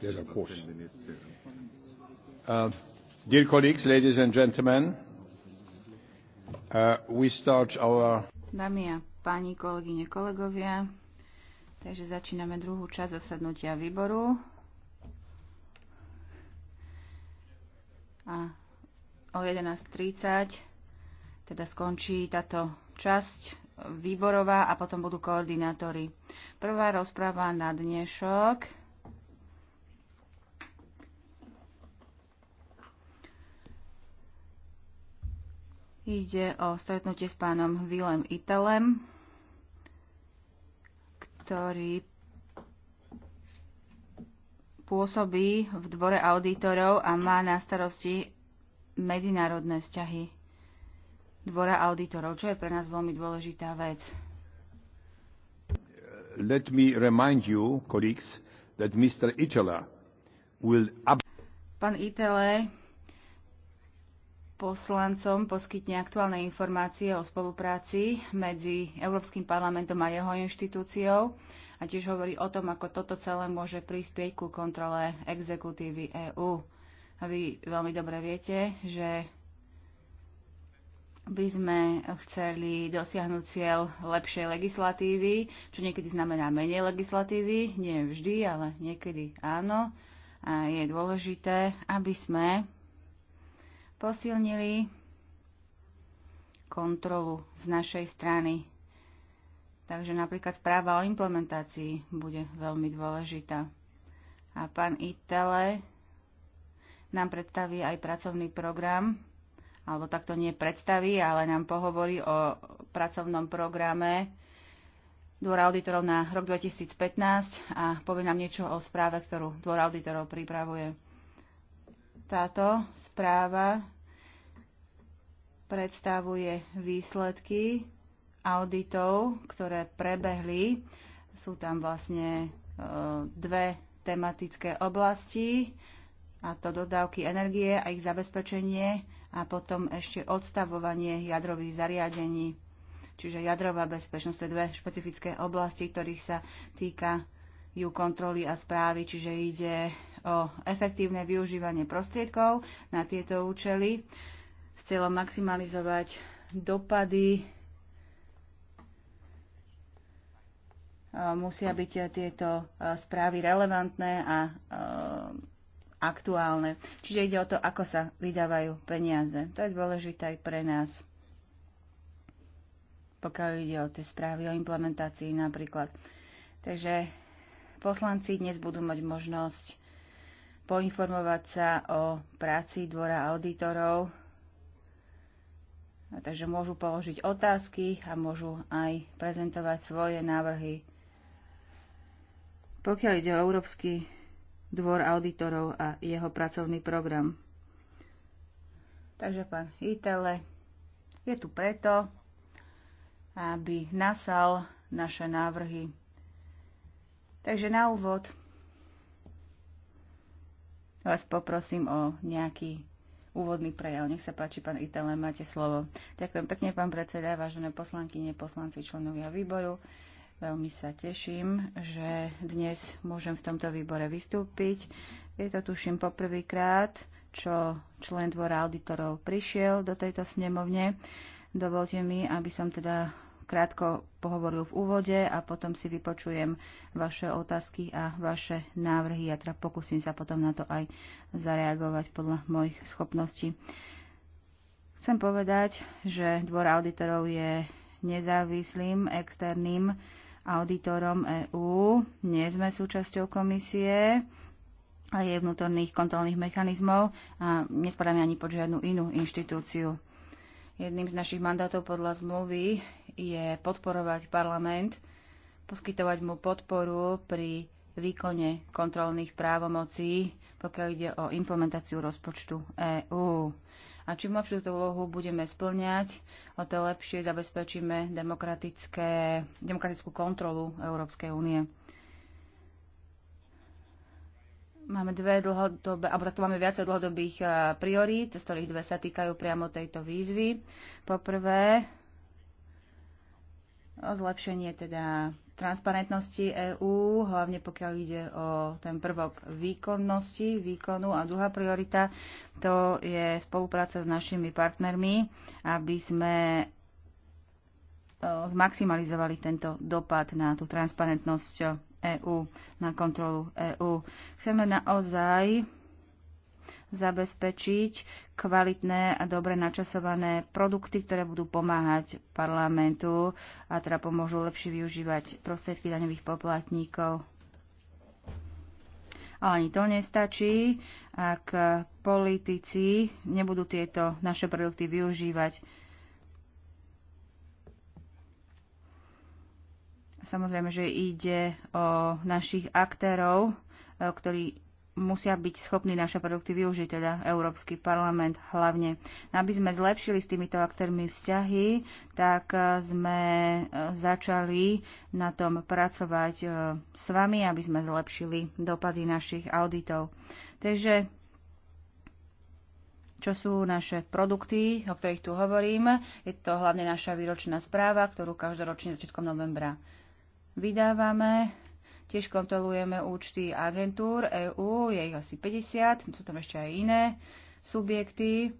Yes, of course. Uh, dear colleagues, ladies and gentlemen, uh, we start our... Dámy a páni, kolegyne, kolegovia, takže začíname druhú časť zasadnutia výboru. A o 11.30 teda skončí táto časť výborová a potom budú koordinátori. Prvá rozpráva na dnešok. Ide o stretnutie s pánom Vilem Italem, ktorý pôsobí v dvore auditorov a má na starosti medzinárodné vzťahy dvora auditorov, čo je pre nás veľmi dôležitá vec. Let me remind you, colleagues, that Mr. Itala will... Pán Itele poslancom poskytne aktuálne informácie o spolupráci medzi Európskym parlamentom a jeho inštitúciou a tiež hovorí o tom, ako toto celé môže prispieť ku kontrole exekutívy EÚ. A vy veľmi dobre viete, že by sme chceli dosiahnuť cieľ lepšej legislatívy, čo niekedy znamená menej legislatívy, nie vždy, ale niekedy áno. A je dôležité, aby sme posilnili kontrolu z našej strany. Takže napríklad správa o implementácii bude veľmi dôležitá. A pán Itele nám predstaví aj pracovný program alebo takto nie predstaví, ale nám pohovorí o pracovnom programe Dvora auditorov na rok 2015 a povie nám niečo o správe, ktorú Dvor auditorov pripravuje. Táto správa predstavuje výsledky auditov, ktoré prebehli. Sú tam vlastne e, dve tematické oblasti, a to dodávky energie a ich zabezpečenie a potom ešte odstavovanie jadrových zariadení. Čiže jadrová bezpečnosť, to je dve špecifické oblasti, ktorých sa týka ju kontroly a správy, čiže ide o efektívne využívanie prostriedkov na tieto účely s cieľom maximalizovať dopady. Musia byť tieto eh, správy relevantné a eh, aktuálne. Čiže ide o to, ako sa vydávajú peniaze. To je dôležité aj pre nás, pokiaľ ide o tie správy o implementácii napríklad. Takže poslanci dnes budú mať možnosť poinformovať sa o práci dvora auditorov, a takže môžu položiť otázky a môžu aj prezentovať svoje návrhy. Pokiaľ ide o Európsky dvor auditorov a jeho pracovný program. Takže pán Itele je tu preto, aby nasal naše návrhy. Takže na úvod vás poprosím o nejaký úvodný prejav. Nech sa páči, pán Itele, máte slovo. Ďakujem pekne, pán predseda, vážené poslanky, poslanci, členovia výboru. Veľmi sa teším, že dnes môžem v tomto výbore vystúpiť. Je to tuším poprvýkrát, čo člen dvora auditorov prišiel do tejto snemovne. Dovolte mi, aby som teda krátko pohovoril v úvode a potom si vypočujem vaše otázky a vaše návrhy. a teda pokúsim sa potom na to aj zareagovať podľa mojich schopností. Chcem povedať, že dvor auditorov je nezávislým externým auditorom EÚ, nie sme súčasťou komisie a jej vnútorných kontrolných mechanizmov a nespadáme ani pod žiadnu inú inštitúciu. Jedným z našich mandátov podľa zmluvy je podporovať parlament, poskytovať mu podporu pri výkone kontrolných právomocí, pokiaľ ide o implementáciu rozpočtu EÚ. A čím lepšiu túto úlohu budeme splňať, o to lepšie zabezpečíme demokratickú kontrolu Európskej únie. Máme dve dlhodobé, alebo takto máme viacej dlhodobých eh, priorít, z ktorých dve sa týkajú priamo tejto výzvy. Poprvé, zlepšenie teda transparentnosti EÚ, hlavne pokiaľ ide o ten prvok výkonnosti, výkonu. A druhá priorita to je spolupráca s našimi partnermi, aby sme zmaximalizovali tento dopad na tú transparentnosť EÚ, na kontrolu EÚ. Chceme naozaj zabezpečiť kvalitné a dobre načasované produkty, ktoré budú pomáhať parlamentu a teda pomôžu lepšie využívať prostriedky daňových poplatníkov. Ale ani to nestačí, ak politici nebudú tieto naše produkty využívať. Samozrejme, že ide o našich aktérov, ktorí musia byť schopní naše produkty využiť, teda Európsky parlament hlavne. Aby sme zlepšili s týmito aktérmi vzťahy, tak e, sme e, začali na tom pracovať e, s vami, aby sme zlepšili dopady našich auditov. Takže čo sú naše produkty, o ktorých tu hovorím. Je to hlavne naša výročná správa, ktorú každoročne začiatkom novembra vydávame Tiež kontrolujeme účty agentúr EÚ, je ich asi 50, sú tam ešte aj iné subjekty.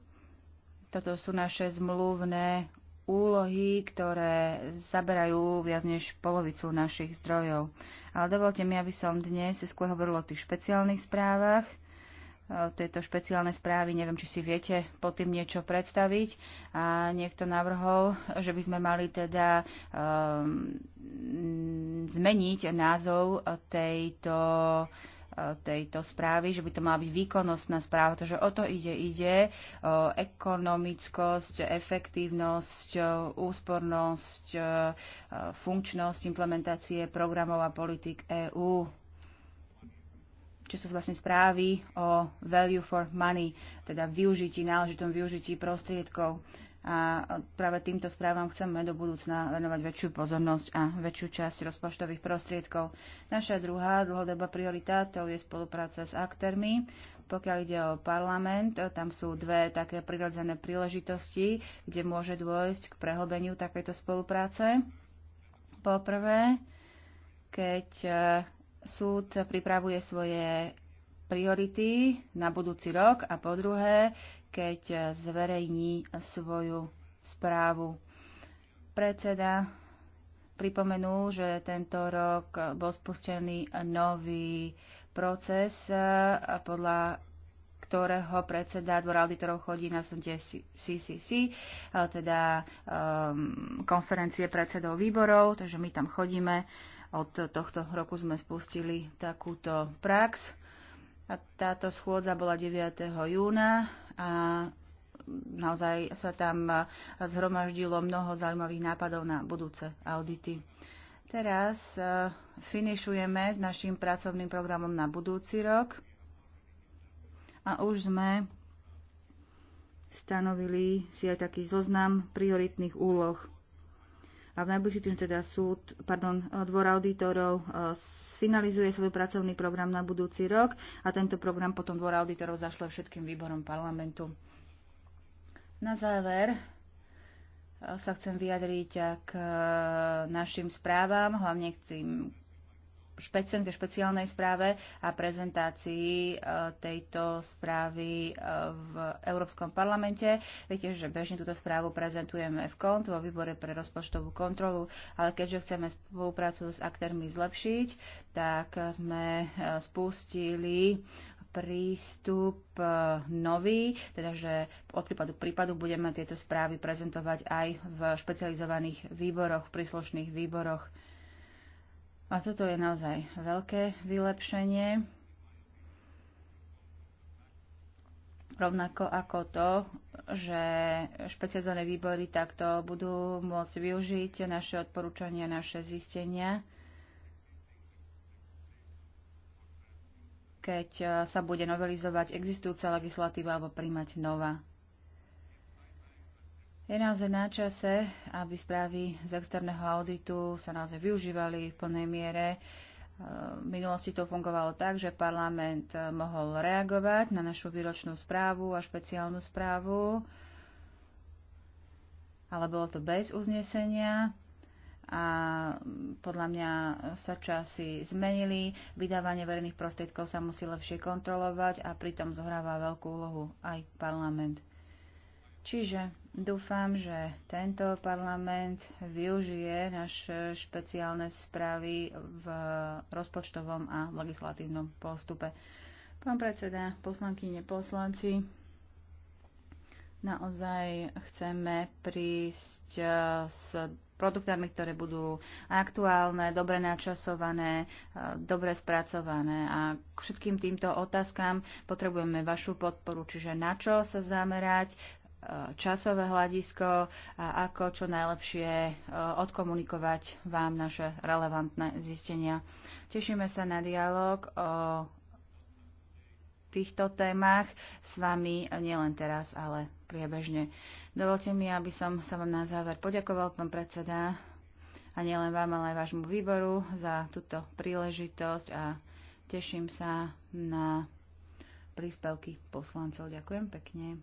Toto sú naše zmluvné úlohy, ktoré zaberajú viac než polovicu našich zdrojov. Ale dovolte mi, aby som dnes skôr hovoril o tých špeciálnych správach tejto špeciálnej správy. Neviem, či si viete pod tým niečo predstaviť. A niekto navrhol, že by sme mali teda um, zmeniť názov tejto uh, tejto správy, že by to mala byť výkonnostná správa, takže o to ide, ide o ekonomickosť, efektívnosť, úspornosť, funkčnosť implementácie programov a politik EÚ či sú vlastne správy o value for money, teda využití, náležitom využití prostriedkov. A práve týmto správam chceme do budúcna venovať väčšiu pozornosť a väčšiu časť rozpočtových prostriedkov. Naša druhá dlhodobá priorita to je spolupráca s aktérmi. Pokiaľ ide o parlament, tam sú dve také prirodzené príležitosti, kde môže dôjsť k prehlbeniu takejto spolupráce. Poprvé, keď súd pripravuje svoje priority na budúci rok a po druhé, keď zverejní svoju správu. Predseda pripomenul, že tento rok bol spustený nový proces, podľa ktorého predseda dvora auditorov chodí na súde CCC, teda um, konferencie predsedov výborov, takže my tam chodíme. Uh, od tohto roku sme spustili takúto prax. A táto schôdza bola 9. júna a naozaj sa tam zhromaždilo mnoho zaujímavých nápadov na budúce audity. Teraz e, finišujeme s našim pracovným programom na budúci rok a už sme stanovili si aj taký zoznam prioritných úloh a v najbližší tým teda súd, pardon, dvor auditorov e, finalizuje svoj pracovný program na budúci rok a tento program potom dvor auditorov zašle všetkým výborom parlamentu. Na záver e, sa chcem vyjadriť k e, našim správam, hlavne k tým špecen tej špeciálnej správe a prezentácii e, tejto správy e, v Európskom parlamente. Viete, že bežne túto správu prezentujeme v KONT, vo výbore pre rozpočtovú kontrolu, ale keďže chceme spoluprácu s aktérmi zlepšiť, tak sme e, spustili prístup nový, teda že od prípadu k prípadu budeme tieto správy prezentovať aj v špecializovaných výboroch, v príslušných výboroch. A toto je naozaj veľké vylepšenie. Rovnako ako to, že špecializované výbory takto budú môcť využiť naše odporúčania, naše zistenia, keď sa bude novelizovať existujúca legislatíva alebo príjmať nová. Je naozaj na čase, aby správy z externého auditu sa naozaj využívali v plnej miere. E, v minulosti to fungovalo tak, že parlament e, mohol reagovať na našu výročnú správu a špeciálnu správu, ale bolo to bez uznesenia a podľa mňa sa časy zmenili, vydávanie verejných prostriedkov sa musí lepšie kontrolovať a pritom zohráva veľkú úlohu aj parlament. Čiže Dúfam, že tento parlament využije naše špeciálne správy v rozpočtovom a legislatívnom postupe. Pán predseda, poslankyne, poslanci, naozaj chceme prísť eh, s produktami, ktoré budú aktuálne, dobre načasované, eh, dobre spracované. A k všetkým týmto otázkam potrebujeme vašu podporu, čiže na čo sa zamerať, časové hľadisko a ako čo najlepšie e, odkomunikovať vám naše relevantné zistenia. Tešíme sa na dialog o týchto témach s vami nielen teraz, ale priebežne. Dovolte mi, aby som sa vám na záver poďakoval, pán predseda, a nielen vám, ale aj vášmu výboru za túto príležitosť a teším sa na príspevky poslancov. Ďakujem pekne.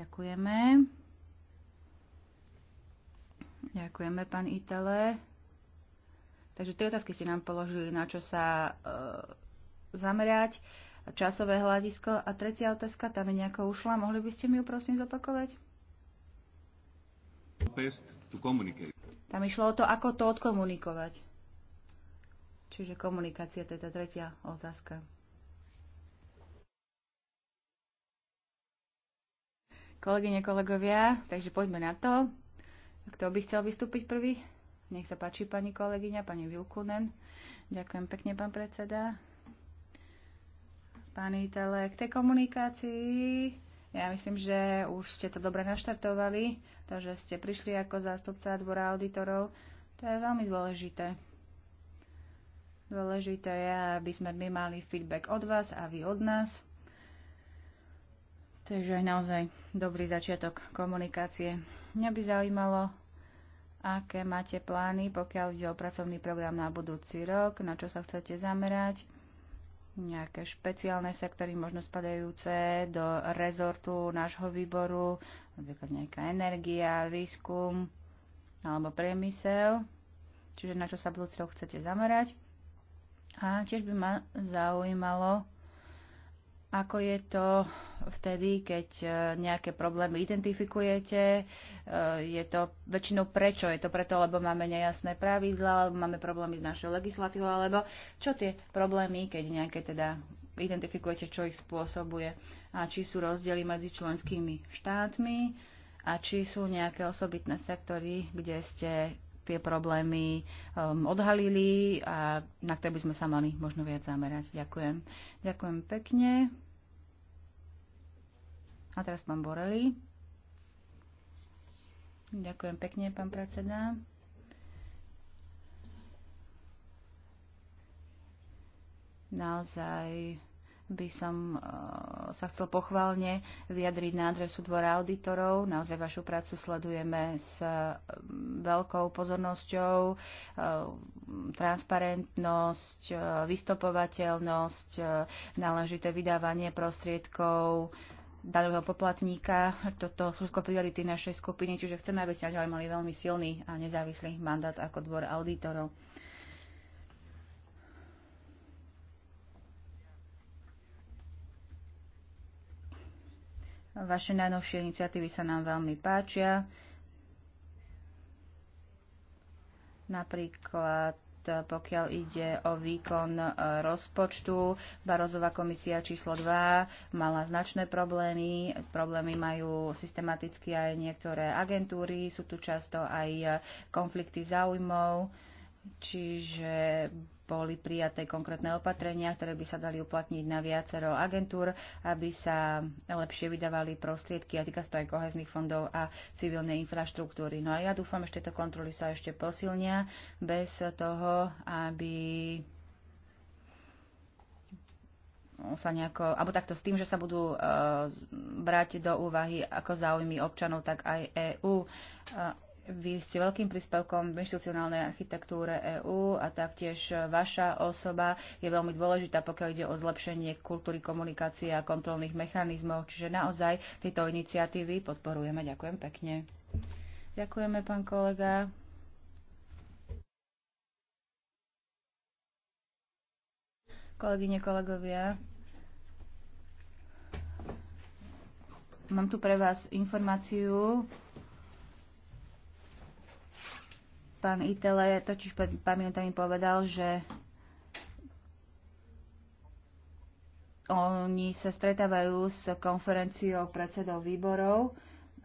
Ďakujeme. Ďakujeme, pán Itele. Takže tri otázky ste nám položili, na čo sa e, zamerať, časové hľadisko. A tretia otázka, tam je nejako ušla. Mohli by ste mi ju prosím zopakovať? Tam išlo o to, ako to odkomunikovať. Čiže komunikácia, to je tá tretia otázka. Kolegyne, kolegovia, takže poďme na to. Kto by chcel vystúpiť prvý? Nech sa páči pani kolegyňa, pani Vilkunen. Ďakujem pekne, pán predseda. Pán Itele, k tej komunikácii ja myslím, že už ste to dobre naštartovali, to, že ste prišli ako zástupca dvora auditorov, to je veľmi dôležité. Dôležité je, aby sme my mali feedback od vás a vy od nás. Takže aj naozaj dobrý začiatok komunikácie. Mňa by zaujímalo, aké máte plány, pokiaľ ide o pracovný program na budúci rok, na čo sa chcete zamerať, nejaké špeciálne sektory, možno spadajúce do rezortu nášho výboru, napríklad nejaká energia, výskum alebo priemysel, čiže na čo sa budúci rok chcete zamerať. A tiež by ma zaujímalo, ako je to vtedy, keď e, nejaké problémy identifikujete. E, je to väčšinou prečo? Je to preto, lebo máme nejasné pravidla, alebo máme problémy s našou legislatívou, alebo čo tie problémy, keď nejaké teda identifikujete, čo ich spôsobuje a či sú rozdiely medzi členskými štátmi a či sú nejaké osobitné sektory, kde ste tie problémy um, odhalili a na ktoré by sme sa mali možno viac zamerať. Ďakujem. Ďakujem pekne. A teraz pán Boreli. Ďakujem pekne, pán predseda. Naozaj by som e, sa chcel pochválne vyjadriť na adresu dvora auditorov. Naozaj vašu prácu sledujeme s e, veľkou pozornosťou. E, transparentnosť, vystopovateľnosť, náležité vydávanie prostriedkov, daného poplatníka. Toto sú priority našej skupiny, čiže chceme, aby ste mali veľmi silný a nezávislý mandát ako dvor auditorov. Vaše najnovšie iniciatívy sa nám veľmi páčia. Napríklad e, pokiaľ ide o výkon e, rozpočtu. Barozová komisia číslo 2 mala značné problémy. Problémy majú systematicky aj niektoré agentúry, sú tu často aj e, konflikty záujmov. Čiže boli prijaté konkrétne opatrenia, ktoré by sa dali uplatniť na viacero agentúr, aby sa lepšie vydávali prostriedky a týka sa to aj kohezných fondov a civilnej infraštruktúry. No a ja dúfam, že tieto kontroly sa ešte posilnia bez toho, aby sa nejako, alebo takto s tým, že sa budú uh, brať do úvahy ako záujmy občanov, tak aj EÚ. Uh, e, vy ste veľkým príspevkom v inštitucionálnej architektúre EÚ a taktiež vaša osoba je veľmi dôležitá, pokiaľ ide o zlepšenie kultúry komunikácie a kontrolných mechanizmov. Čiže naozaj tieto iniciatívy podporujeme. Ďakujem pekne. Ďakujeme, pán kolega. Kolegyne, kolegovia, mám tu pre vás informáciu Pán Itele totiž pred pár minútami povedal, že oni sa stretávajú s konferenciou predsedov výborov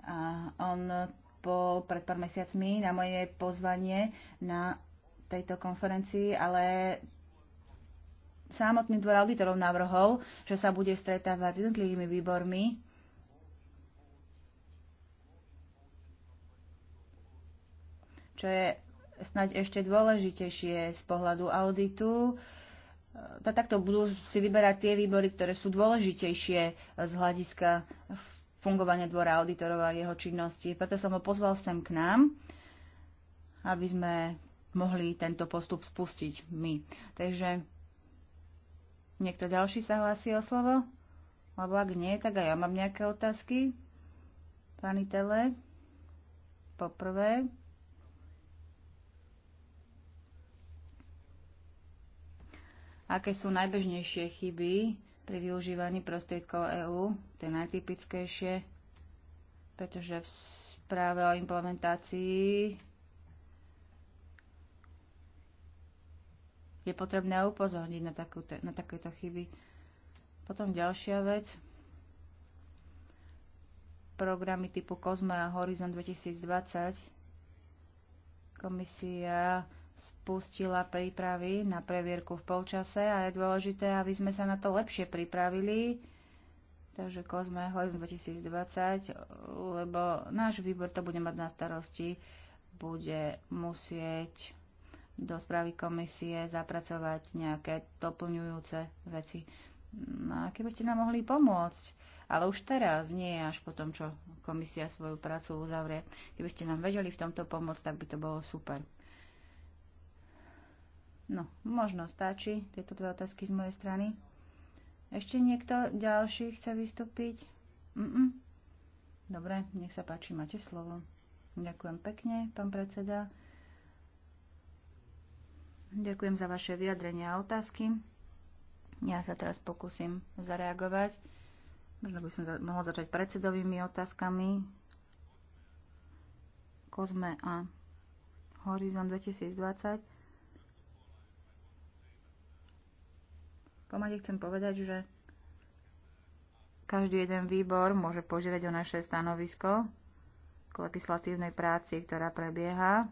a on bol pred pár mesiacmi na moje pozvanie na tejto konferencii, ale samotný dvor auditorov navrhol, že sa bude stretávať s jednotlivými výbormi čo je snáď ešte dôležitejšie z pohľadu auditu. To e, takto budú si vyberať tie výbory, ktoré sú dôležitejšie z hľadiska fungovania dvora auditorov a jeho činnosti. Preto som ho pozval sem k nám, aby sme mohli tento postup spustiť my. Takže niekto ďalší sa hlási o slovo? Lebo ak nie, tak aj ja mám nejaké otázky. Pani Tele, poprvé. aké sú najbežnejšie chyby pri využívaní prostriedkov EÚ, tie najtypickejšie, pretože v správe o implementácii je potrebné upozorniť na, takú, na takéto chyby. Potom ďalšia vec. Programy typu COSME a Horizon 2020. Komisia spustila prípravy na previerku v polčase a je dôležité, aby sme sa na to lepšie pripravili. Takže Kozme Horizon 2020, lebo náš výbor to bude mať na starosti, bude musieť do správy komisie zapracovať nejaké doplňujúce veci. No a keby ste nám mohli pomôcť, ale už teraz, nie až po tom, čo komisia svoju prácu uzavrie. Keby ste nám vedeli v tomto pomôcť, tak by to bolo super. No, možno stačí tieto dve otázky z mojej strany. Ešte niekto ďalší chce vystúpiť? Mm-mm. Dobre, nech sa páči, máte slovo. Ďakujem pekne, pán predseda. Ďakujem za vaše vyjadrenia a otázky. Ja sa teraz pokúsim zareagovať. Možno by som za- mohla začať predsedovými otázkami. Kozme a Horizon 2020. komade chcem povedať, že každý jeden výbor môže požiadať o naše stanovisko k legislatívnej práci, ktorá prebieha.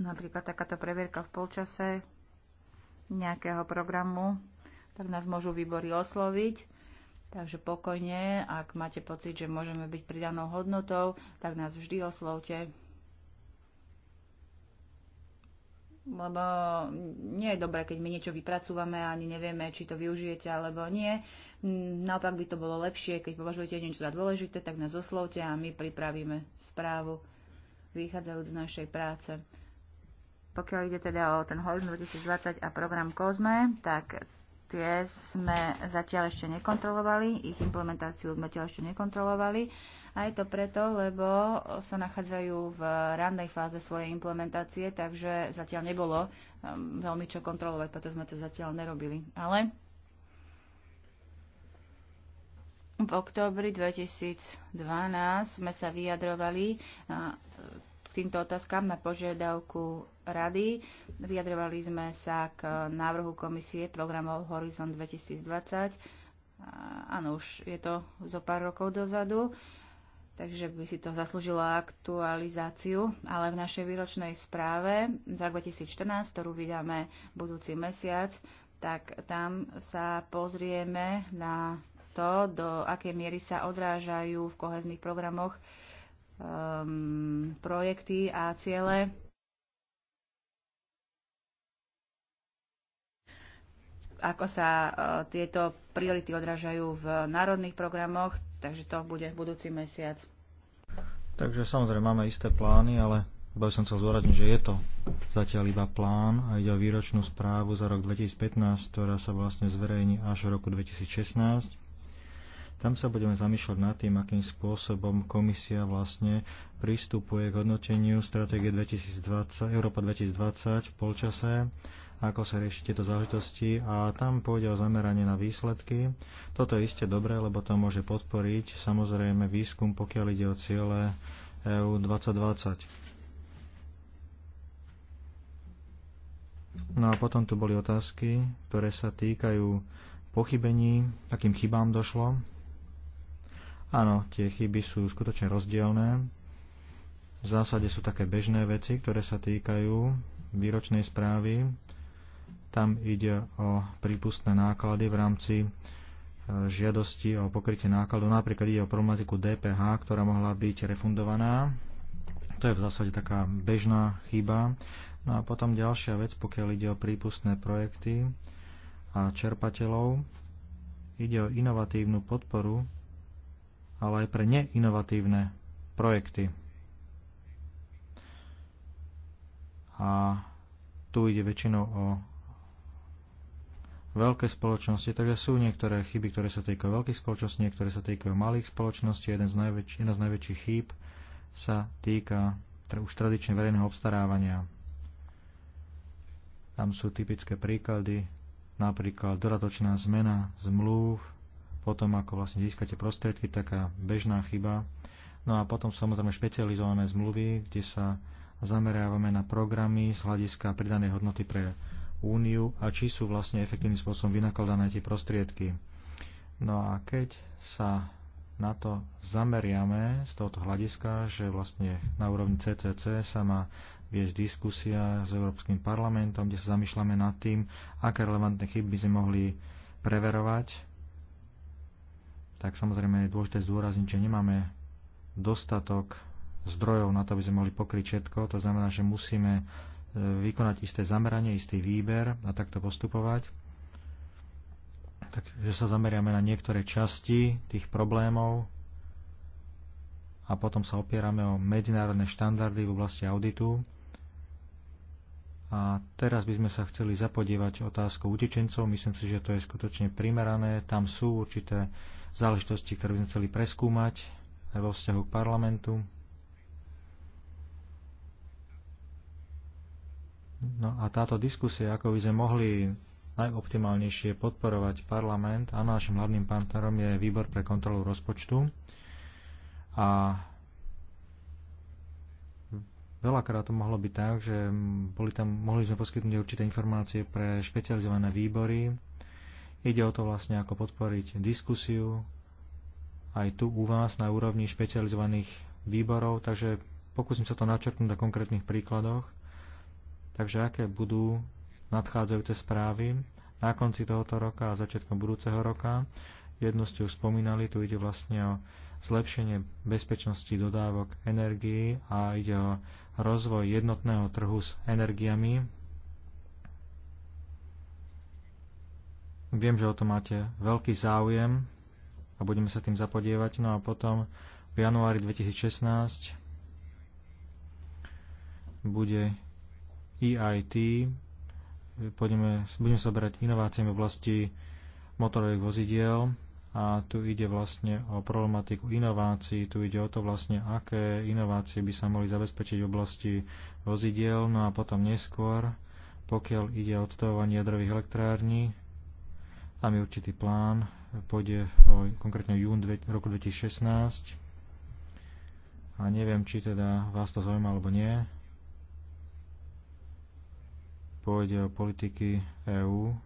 Napríklad takáto previerka v polčase nejakého programu, tak nás môžu výbory osloviť. Takže pokojne, ak máte pocit, že môžeme byť pridanou hodnotou, tak nás vždy oslovte. lebo nie je dobré, keď my niečo vypracúvame a ani nevieme, či to využijete alebo nie. Naopak by to bolo lepšie, keď považujete niečo za dôležité, tak nás oslovte a my pripravíme správu vychádzajúc z našej práce. Pokiaľ ide teda o ten Horizon 2020 a program COSME, tak Tie sme zatiaľ ešte nekontrolovali, ich implementáciu sme zatiaľ ešte nekontrolovali. A je to preto, lebo sa nachádzajú v rannej fáze svojej implementácie, takže zatiaľ nebolo um, veľmi čo kontrolovať, preto sme to zatiaľ nerobili. Ale v októbri 2012 sme sa vyjadrovali k týmto otázkam na požiadavku rady. Vyjadrovali sme sa k návrhu komisie programov Horizon 2020. Áno, už je to zo pár rokov dozadu, takže by si to zaslúžilo aktualizáciu, ale v našej výročnej správe za 2014, ktorú vydáme budúci mesiac, tak tam sa pozrieme na to, do akej miery sa odrážajú v kohezných programoch um, projekty a ciele ako sa e, tieto priority odražajú v národných programoch, takže to bude v budúci mesiac. Takže samozrejme máme isté plány, ale by som chcel zdôrazniť, že je to zatiaľ iba plán a ide o výročnú správu za rok 2015, ktorá sa vlastne zverejní až v roku 2016. Tam sa budeme zamýšľať nad tým, akým spôsobom komisia vlastne pristupuje k hodnoteniu stratégie 2020, Európa 2020 v polčase ako sa rieši tieto záležitosti a tam pôjde o zameranie na výsledky. Toto je iste dobré, lebo to môže podporiť samozrejme výskum, pokiaľ ide o ciele EU 2020. No a potom tu boli otázky, ktoré sa týkajú pochybení, akým chybám došlo. Áno, tie chyby sú skutočne rozdielne. V zásade sú také bežné veci, ktoré sa týkajú výročnej správy tam ide o prípustné náklady v rámci e, žiadosti o pokrytie nákladov. Napríklad ide o problematiku DPH, ktorá mohla byť refundovaná. To je v zásade taká bežná chyba. No a potom ďalšia vec, pokiaľ ide o prípustné projekty a čerpateľov, ide o inovatívnu podporu, ale aj pre neinovatívne projekty. A tu ide väčšinou o veľké spoločnosti, takže sú niektoré chyby, ktoré sa týkajú veľkých spoločností, niektoré sa týkajú malých spoločností. Jeden z najväč- jedna z najväčších chýb sa týka už tradične verejného obstarávania. Tam sú typické príklady, napríklad dodatočná zmena zmluv, potom ako vlastne získate prostriedky, taká bežná chyba. No a potom samozrejme špecializované zmluvy, kde sa zameriavame na programy z hľadiska pridanej hodnoty pre úniu a či sú vlastne efektívnym spôsobom vynakladané tie prostriedky. No a keď sa na to zameriame z tohoto hľadiska, že vlastne na úrovni CCC sa má viesť diskusia s Európskym parlamentom, kde sa zamýšľame nad tým, aké relevantné chyby by sme mohli preverovať, tak samozrejme je dôležité zdôrazniť, že nemáme dostatok zdrojov na to, aby sme mohli pokryť všetko. To znamená, že musíme vykonať isté zameranie, istý výber a takto postupovať. Takže sa zameriame na niektoré časti tých problémov a potom sa opierame o medzinárodné štandardy v oblasti auditu. A teraz by sme sa chceli zapodievať otázkou utečencov. Myslím si, že to je skutočne primerané. Tam sú určité záležitosti, ktoré by sme chceli preskúmať aj vo vzťahu k parlamentu. No a táto diskusia, ako by sme mohli najoptimálnejšie podporovať parlament a našim hlavným partnerom je výbor pre kontrolu rozpočtu. A veľakrát to mohlo byť tak, že boli tam, mohli sme poskytnúť určité informácie pre špecializované výbory. Ide o to vlastne, ako podporiť diskusiu aj tu u vás na úrovni špecializovaných výborov, takže pokúsim sa to načrtnúť na konkrétnych príkladoch. Takže aké budú nadchádzajúce správy na konci tohoto roka a začiatkom budúceho roka. Jednu ste už spomínali, tu ide vlastne o zlepšenie bezpečnosti dodávok energií a ide o rozvoj jednotného trhu s energiami. Viem, že o to máte veľký záujem a budeme sa tým zapodievať. No a potom v januári 2016 bude EIT, Pôjdeme, budeme sa brať inováciami v oblasti motorových vozidiel a tu ide vlastne o problematiku inovácií, tu ide o to vlastne, aké inovácie by sa mohli zabezpečiť v oblasti vozidiel, no a potom neskôr, pokiaľ ide o odstavovanie jadrových elektrární, tam je určitý plán, pôjde o konkrétne jún roku 2016 a neviem, či teda vás to zaujíma alebo nie, pôjde o politiky EÚ.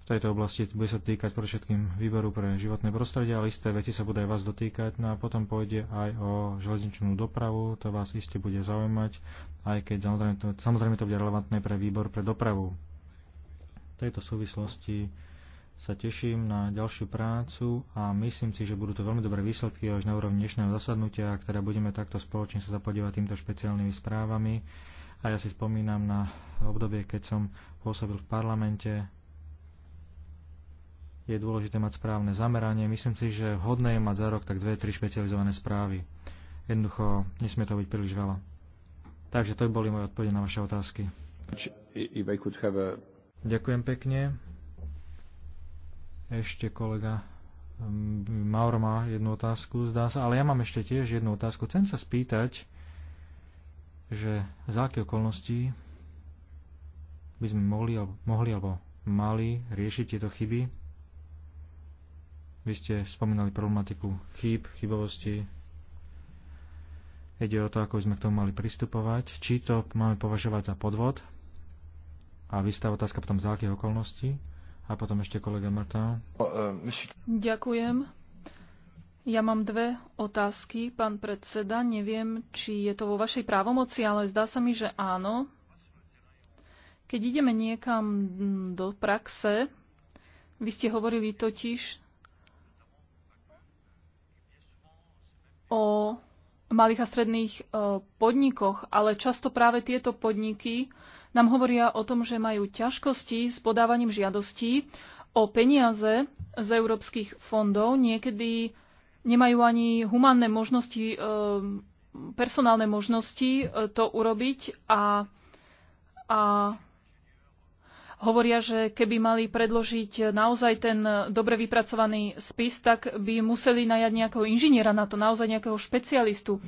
V tejto oblasti bude sa týkať pre všetkým výboru pre životné prostredie, ale isté veci sa bude aj vás dotýkať. No a potom pôjde aj o železničnú dopravu, to vás iste bude zaujímať, aj keď samozrejme to, samozrejme to bude relevantné pre výbor pre dopravu. V tejto súvislosti sa teším na ďalšiu prácu a myslím si, že budú to veľmi dobré výsledky až na úrovni dnešného zasadnutia, ktoré teda budeme takto spoločne sa zapodievať týmto špeciálnymi správami. A ja si spomínam na obdobie, keď som pôsobil v parlamente. Je dôležité mať správne zameranie. Myslím si, že vhodné je mať za rok tak dve, tri špecializované správy. Jednoducho, nesmie to byť príliš veľa. Takže to boli moje odpovede na vaše otázky. Ďakujem pekne. Ešte kolega mm, Mauro má jednu otázku, zdá sa, ale ja mám ešte tiež jednu otázku. Chcem sa spýtať, že za aké okolnosti by sme mohli, mohli alebo mali riešiť tieto chyby. Vy ste spomínali problematiku chýb, chybovosti. Ide o to, ako by sme k tomu mali pristupovať. Či to máme považovať za podvod. A vystáva otázka potom za aké okolností. A potom ešte kolega Marta. E, Ďakujem. Ja mám dve otázky, pán predseda. Neviem, či je to vo vašej právomoci, ale zdá sa mi, že áno. Keď ideme niekam do praxe, vy ste hovorili totiž o malých a stredných e, podnikoch, ale často práve tieto podniky nám hovoria o tom, že majú ťažkosti s podávaním žiadostí o peniaze z európskych fondov. Niekedy nemajú ani humánne možnosti, e, personálne možnosti e, to urobiť a, a hovoria, že keby mali predložiť naozaj ten dobre vypracovaný spis, tak by museli najať nejakého inžiniera na to, naozaj nejakého špecialistu.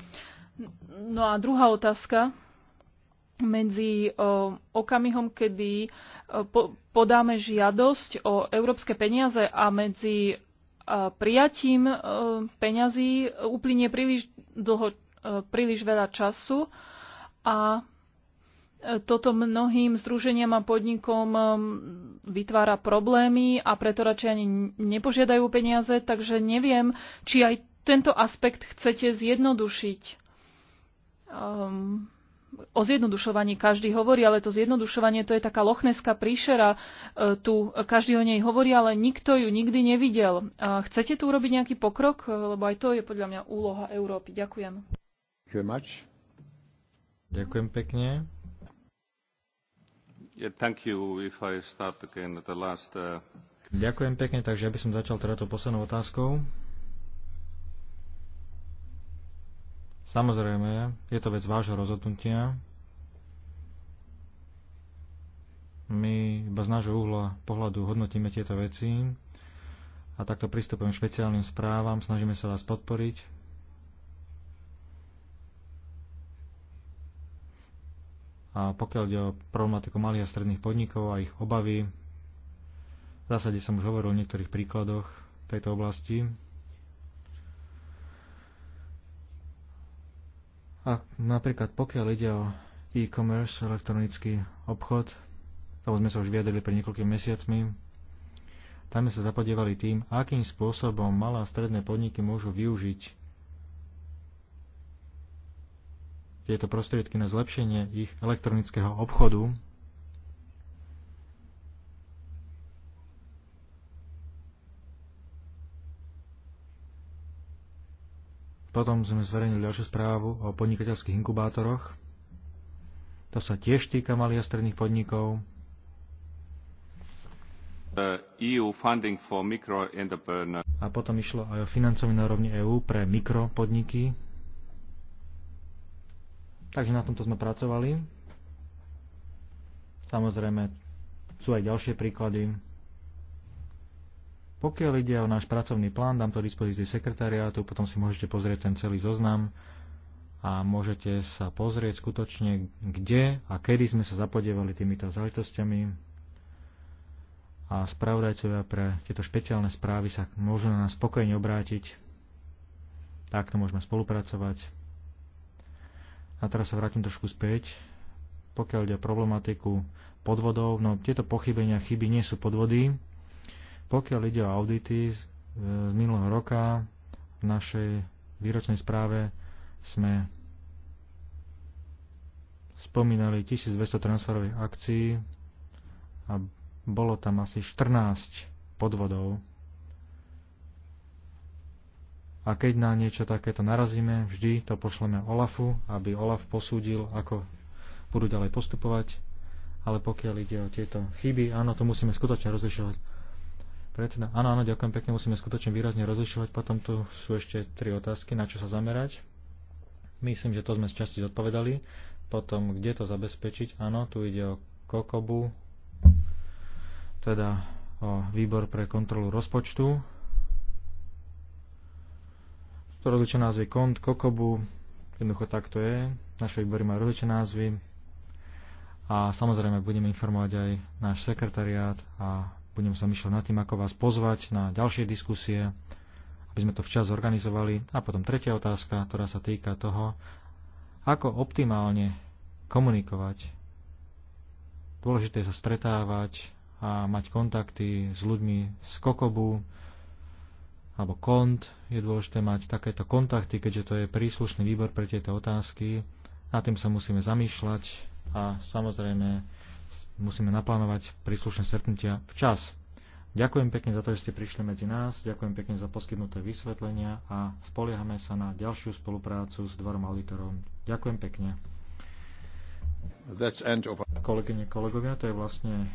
No a druhá otázka medzi e, okamihom, kedy podáme žiadosť o európske peniaze a medzi prijatím e, peňazí uplynie príliš dlho, e, príliš veľa času a e, toto mnohým združeniam a podnikom vytvára problémy a preto radšej ani nepožiadajú peniaze, takže neviem, či aj tento aspekt chcete zjednodušiť. Um, o zjednodušovaní každý hovorí, ale to zjednodušovanie to je taká lochneská príšera. E, tu každý o nej hovorí, ale nikto ju nikdy nevidel. Chcete tu urobiť nejaký pokrok? E, lebo aj to je podľa mňa úloha Európy. Ďakujem. Ďakujem pekne. Uh, Ďakujem pekne, takže ja by som začal teda tou poslednou otázkou. Samozrejme, je to vec vášho rozhodnutia. My iba z nášho uhla pohľadu hodnotíme tieto veci a takto k špeciálnym správam, snažíme sa vás podporiť. A pokiaľ ide o problematiku malých a stredných podnikov a ich obavy, v zásade som už hovoril o niektorých príkladoch tejto oblasti, A napríklad pokiaľ ide o e-commerce, elektronický obchod, toho sme sa už vyjadrili pre niekoľkými mesiacmi, tam sme sa zapodievali tým, akým spôsobom malé a stredné podniky môžu využiť tieto prostriedky na zlepšenie ich elektronického obchodu Potom sme zverejnili ďalšiu správu o podnikateľských inkubátoroch. To sa tiež týka malých a stredných podnikov. E a potom išlo aj o financovanie na úrovni EÚ pre mikropodniky. Takže na tomto sme pracovali. Samozrejme, sú aj ďalšie príklady. Pokiaľ ide o náš pracovný plán, dám to dispozície sekretariátu, potom si môžete pozrieť ten celý zoznam a môžete sa pozrieť skutočne, kde a kedy sme sa zapodievali týmito záležitostiami. A spravodajcovia pre tieto špeciálne správy sa môžu na nás spokojne obrátiť. Takto môžeme spolupracovať. A teraz sa vrátim trošku späť. Pokiaľ ide o problematiku podvodov, no tieto pochybenia, chyby nie sú podvody, pokiaľ ide o audity e, z minulého roka, v našej výročnej správe sme spomínali 1200 transferových akcií a bolo tam asi 14 podvodov. A keď na niečo takéto narazíme, vždy to pošleme Olafu, aby Olaf posúdil, ako budú ďalej postupovať. Ale pokiaľ ide o tieto chyby, áno, to musíme skutočne rozlišovať. Predseda, áno, áno, ďakujem pekne, musíme skutočne výrazne rozlišovať. Potom tu sú ešte tri otázky, na čo sa zamerať. Myslím, že to sme z časti zodpovedali. Potom, kde to zabezpečiť? Áno, tu ide o Kokobu, teda o výbor pre kontrolu rozpočtu. To rozličné názvy KONT, Kokobu, jednoducho takto je. Naše výbory majú rozličné názvy. A samozrejme budeme informovať aj náš sekretariát a budem sa myšľať nad tým, ako vás pozvať na ďalšie diskusie, aby sme to včas zorganizovali. A potom tretia otázka, ktorá sa týka toho, ako optimálne komunikovať. Dôležité je sa stretávať a mať kontakty s ľuďmi z Kokobu alebo KONT. Je dôležité mať takéto kontakty, keďže to je príslušný výbor pre tieto otázky. Na tým sa musíme zamýšľať a samozrejme musíme naplánovať príslušné stretnutia včas. Ďakujem pekne za to, že ste prišli medzi nás, ďakujem pekne za poskytnuté vysvetlenia a spoliehame sa na ďalšiu spoluprácu s dvorom auditorom. Ďakujem pekne. Of... Kolegyne, kolegovia, to je vlastne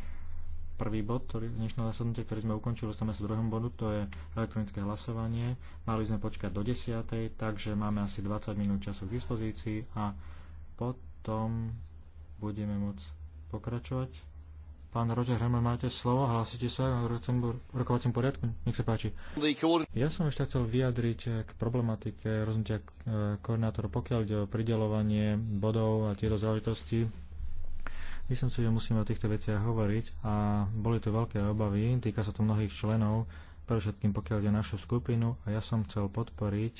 prvý bod ktorý, dnešného zasadnutia, ktorý sme ukončili, dostávame sa druhému bodu, to je elektronické hlasovanie. Mali sme počkať do 10. takže máme asi 20 minút času k dispozícii a potom budeme môcť pokračovať. Pán Roger Hermel, máte slovo, hlasíte sa v rokovacím poriadku? Nech sa páči. Ja som ešte chcel vyjadriť k problematike rozhodnutia e, koordinátora, pokiaľ ide o pridelovanie bodov a tieto záležitosti. Myslím si, že musíme o týchto veciach hovoriť a boli tu veľké obavy, týka sa to mnohých členov, pre všetkým pokiaľ ide našu skupinu a ja som chcel podporiť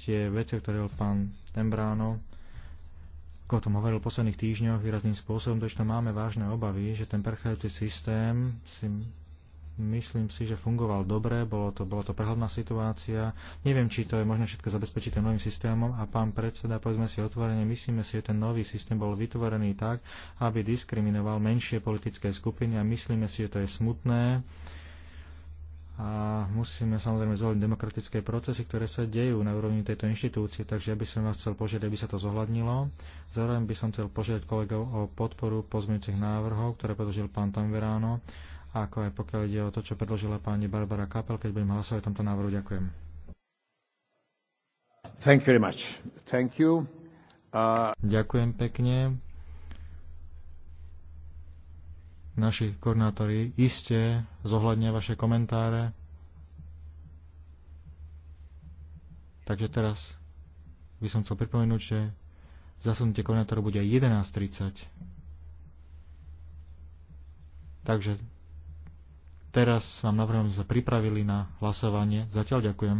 tie veci, ktoré bol pán Tembráno ako o tom hovoril v posledných týždňoch, výrazným spôsobom, to ešte máme vážne obavy, že ten prechádzajúci systém si myslím si, že fungoval dobre, bolo to, bolo to prehľadná situácia. Neviem, či to je možné všetko zabezpečiť tým novým systémom a pán predseda, povedzme si otvorene, myslíme si, že ten nový systém bol vytvorený tak, aby diskriminoval menšie politické skupiny a myslíme si, že to je smutné, a musíme samozrejme zohľadniť demokratické procesy, ktoré sa dejú na úrovni tejto inštitúcie, takže ja by som vás chcel požiadať, aby sa to zohľadnilo. Zároveň by som chcel požiadať kolegov o podporu pozmeňujúcich návrhov, ktoré predložil pán Tamveráno, ako aj pokiaľ ide o to, čo predložila pani Barbara Kapel, keď budem hlasovať o tomto návrhu. Ďakujem. Thank you very much. Thank you. Uh... Ďakujem pekne naši koordinátori iste zohľadnia vaše komentáre. Takže teraz by som chcel pripomenúť, že zasunutie koordinátorov bude 11.30. Takže teraz vám navrhujem, že sa pripravili na hlasovanie. Zatiaľ ďakujem.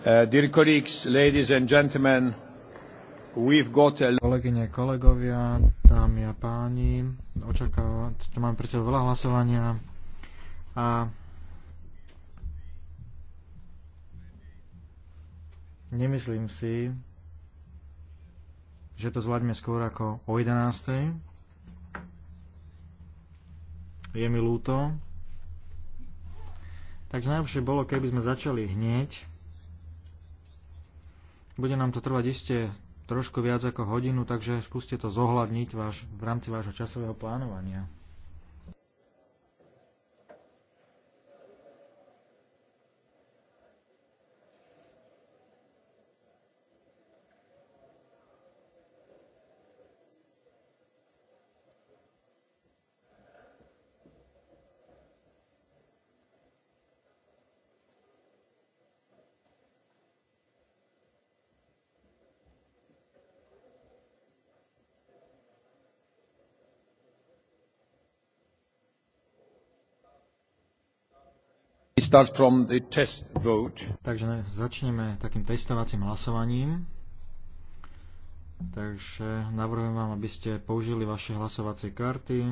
Uh, dear colleagues, ladies and gentlemen, we've got a... Kolegyne, kolegovia, dámy a páni, očakávam, čo mám pred veľa hlasovania a nemyslím si, že to zvládme skôr ako o 11. Je mi ľúto. Takže najlepšie bolo, keby sme začali hneď bude nám to trvať iste trošku viac ako hodinu, takže skúste to zohľadniť váš, v rámci vášho časového plánovania. start from the test vote. Takže začneme takým testovacím hlasovaním. Takže navrhujem vám, aby ste použili vaše hlasovacie karty,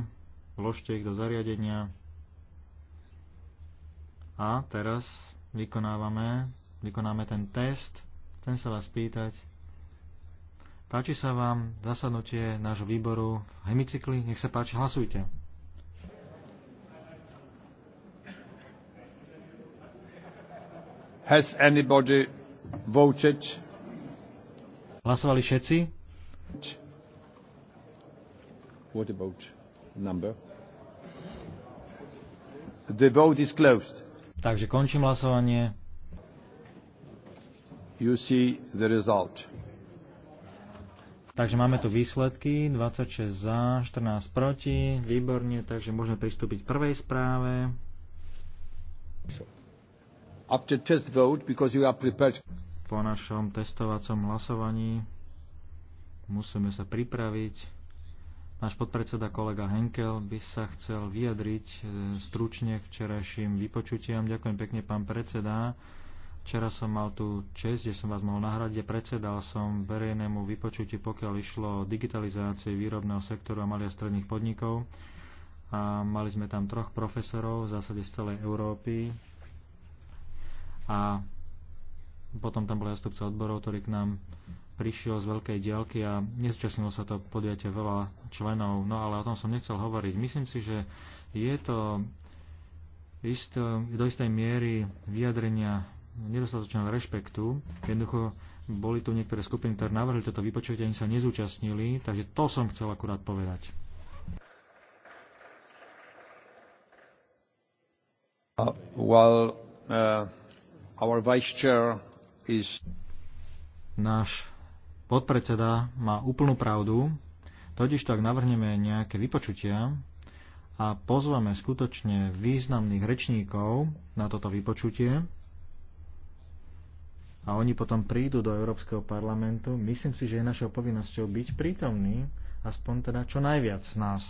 vložte ich do zariadenia. A teraz vykonávame, vykonáme ten test. Chcem sa vás pýtať, páči sa vám zasadnutie nášho výboru v hemicykli? Nech sa páči, hlasujte. Has anybody voted? Hlasovali všetci? What about number? The vote is closed. Takže končím hlasovanie. You see the result. Takže máme tu výsledky, 26 za, 14 proti, výborne, takže môžeme pristúpiť k prvej správe after test vote, because you are prepared. Po našom testovacom hlasovaní musíme sa pripraviť. Náš podpredseda kolega Henkel by sa chcel vyjadriť e, stručne k včerajším vypočutiam. Ďakujem pekne, pán predseda. Včera som mal tú čest, že som vás mohol nahradiť. Predsedal som verejnému vypočutiu, pokiaľ išlo o digitalizácie výrobného sektoru a malých a stredných podnikov. A mali sme tam troch profesorov, v zásade z celej Európy, a potom tam boli zastupca odborov, ktorý k nám prišiel z veľkej diaľky a nezúčastnilo sa to podujatie veľa členov, no ale o tom som nechcel hovoriť. Myslím si, že je to isto, do istej miery vyjadrenia nedostatočného rešpektu. Jednoducho boli tu niektoré skupiny, ktoré navrhli toto vypočutie, ani sa nezúčastnili, takže to som chcel akurát povedať. Uh, well, uh... Our vice chair is... Náš podpredseda má úplnú pravdu, totiž tak navrhneme nejaké vypočutia a pozveme skutočne významných rečníkov na toto vypočutie a oni potom prídu do Európskeho parlamentu. Myslím si, že je našou povinnosťou byť prítomný, aspoň teda čo najviac z nás.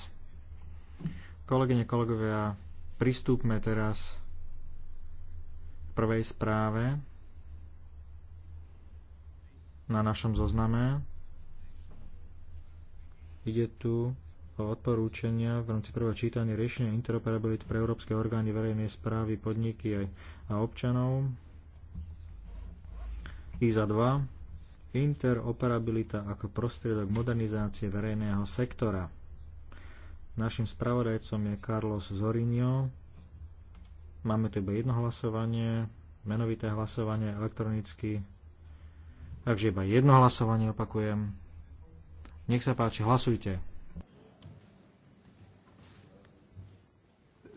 Kolegyne, kolegovia, pristúpme teraz prvej správe na našom zozname. Ide tu o odporúčania v rámci prvého čítania riešenia interoperability pre európske orgány verejnej správy, podniky a občanov. IZA 2. Interoperabilita ako prostriedok modernizácie verejného sektora. Našim spravodajcom je Carlos Zorinio, Máme tu iba jedno hlasovanie, menovité hlasovanie elektronicky. Takže iba jedno hlasovanie opakujem. Nech sa páči, hlasujte.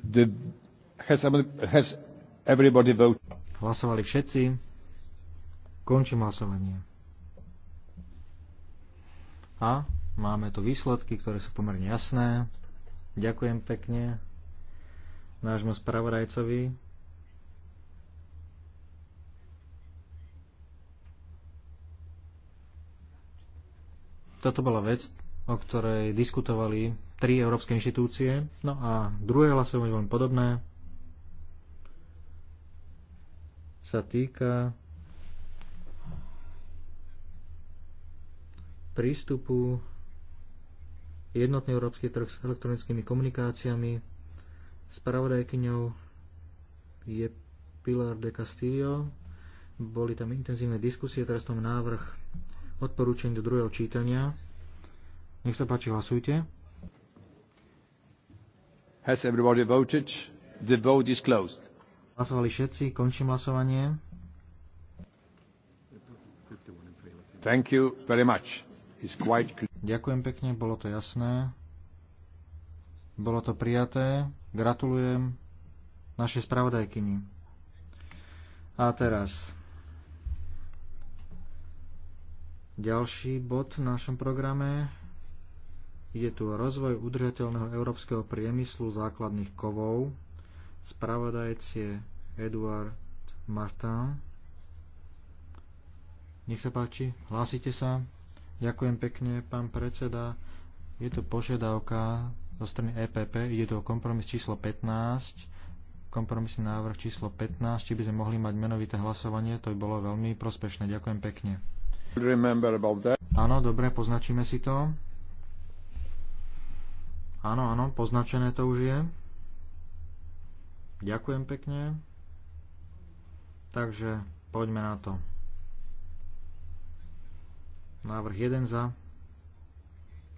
The, has, has everybody Hlasovali všetci. Končím hlasovanie. A máme tu výsledky, ktoré sú pomerne jasné. Ďakujem pekne nášmu spravodajcovi. Toto bola vec, o ktorej diskutovali tri európske inštitúcie. No a druhé hlasovanie veľmi podobné sa týka prístupu jednotný európsky trh s elektronickými komunikáciami Spravodajkyňou je Pilar de Castillo. Boli tam intenzívne diskusie, teraz tam návrh odporúčaní do druhého čítania. Nech sa páči, hlasujte. Has everybody voted? The vote is closed. Hlasovali všetci, končím hlasovanie. Thank you very much. It's quite... Ďakujem pekne, bolo to jasné. Bolo to prijaté. Gratulujem našej spravodajkyni. A teraz ďalší bod v našom programe. Ide tu o rozvoj udržateľného európskeho priemyslu základných kovov. Spravodajcie Eduard Martin. Nech sa páči, hlásite sa. Ďakujem pekne, pán predseda. Je to požiadavka zo strany EPP ide do kompromis číslo 15, kompromisný návrh číslo 15, či by sme mohli mať menovité hlasovanie, to by bolo veľmi prospešné. Ďakujem pekne. Áno, dobre, poznačíme si to. Áno, áno, poznačené to už je. Ďakujem pekne. Takže poďme na to. Návrh 1 za,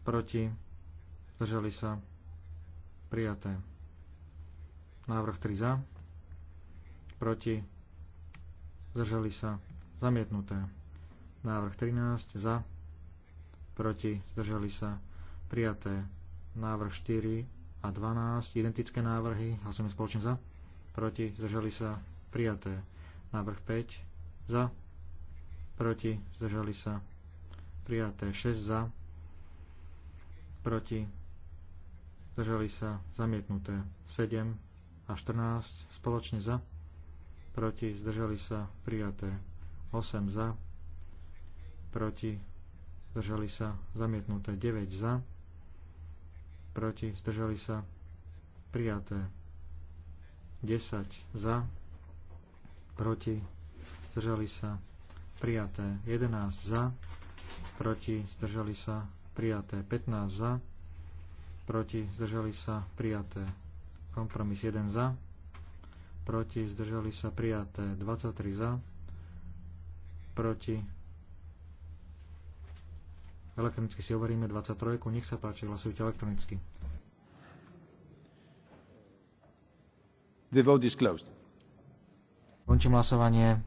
proti, zdržali sa, prijaté. Návrh 3 za, proti, zdržali sa, zamietnuté. Návrh 13 za, proti, zdržali sa, prijaté. Návrh 4 a 12, identické návrhy, hlasujeme spoločne za, proti, zdržali sa, prijaté. Návrh 5 za, proti, zdržali sa, prijaté. 6 za, proti, zdržali sa zamietnuté 7 a 14 spoločne za, proti zdržali sa prijaté 8 za, proti zdržali sa zamietnuté 9 za, proti zdržali sa prijaté 10 za, proti zdržali sa prijaté 11 za, proti zdržali sa prijaté 15 za, proti, zdržali sa, prijaté. Kompromis 1 za, proti, zdržali sa, prijaté. 23 za, proti. Elektronicky si overíme 23, nech sa páči, hlasujte elektronicky. The vote is closed. Končím hlasovanie.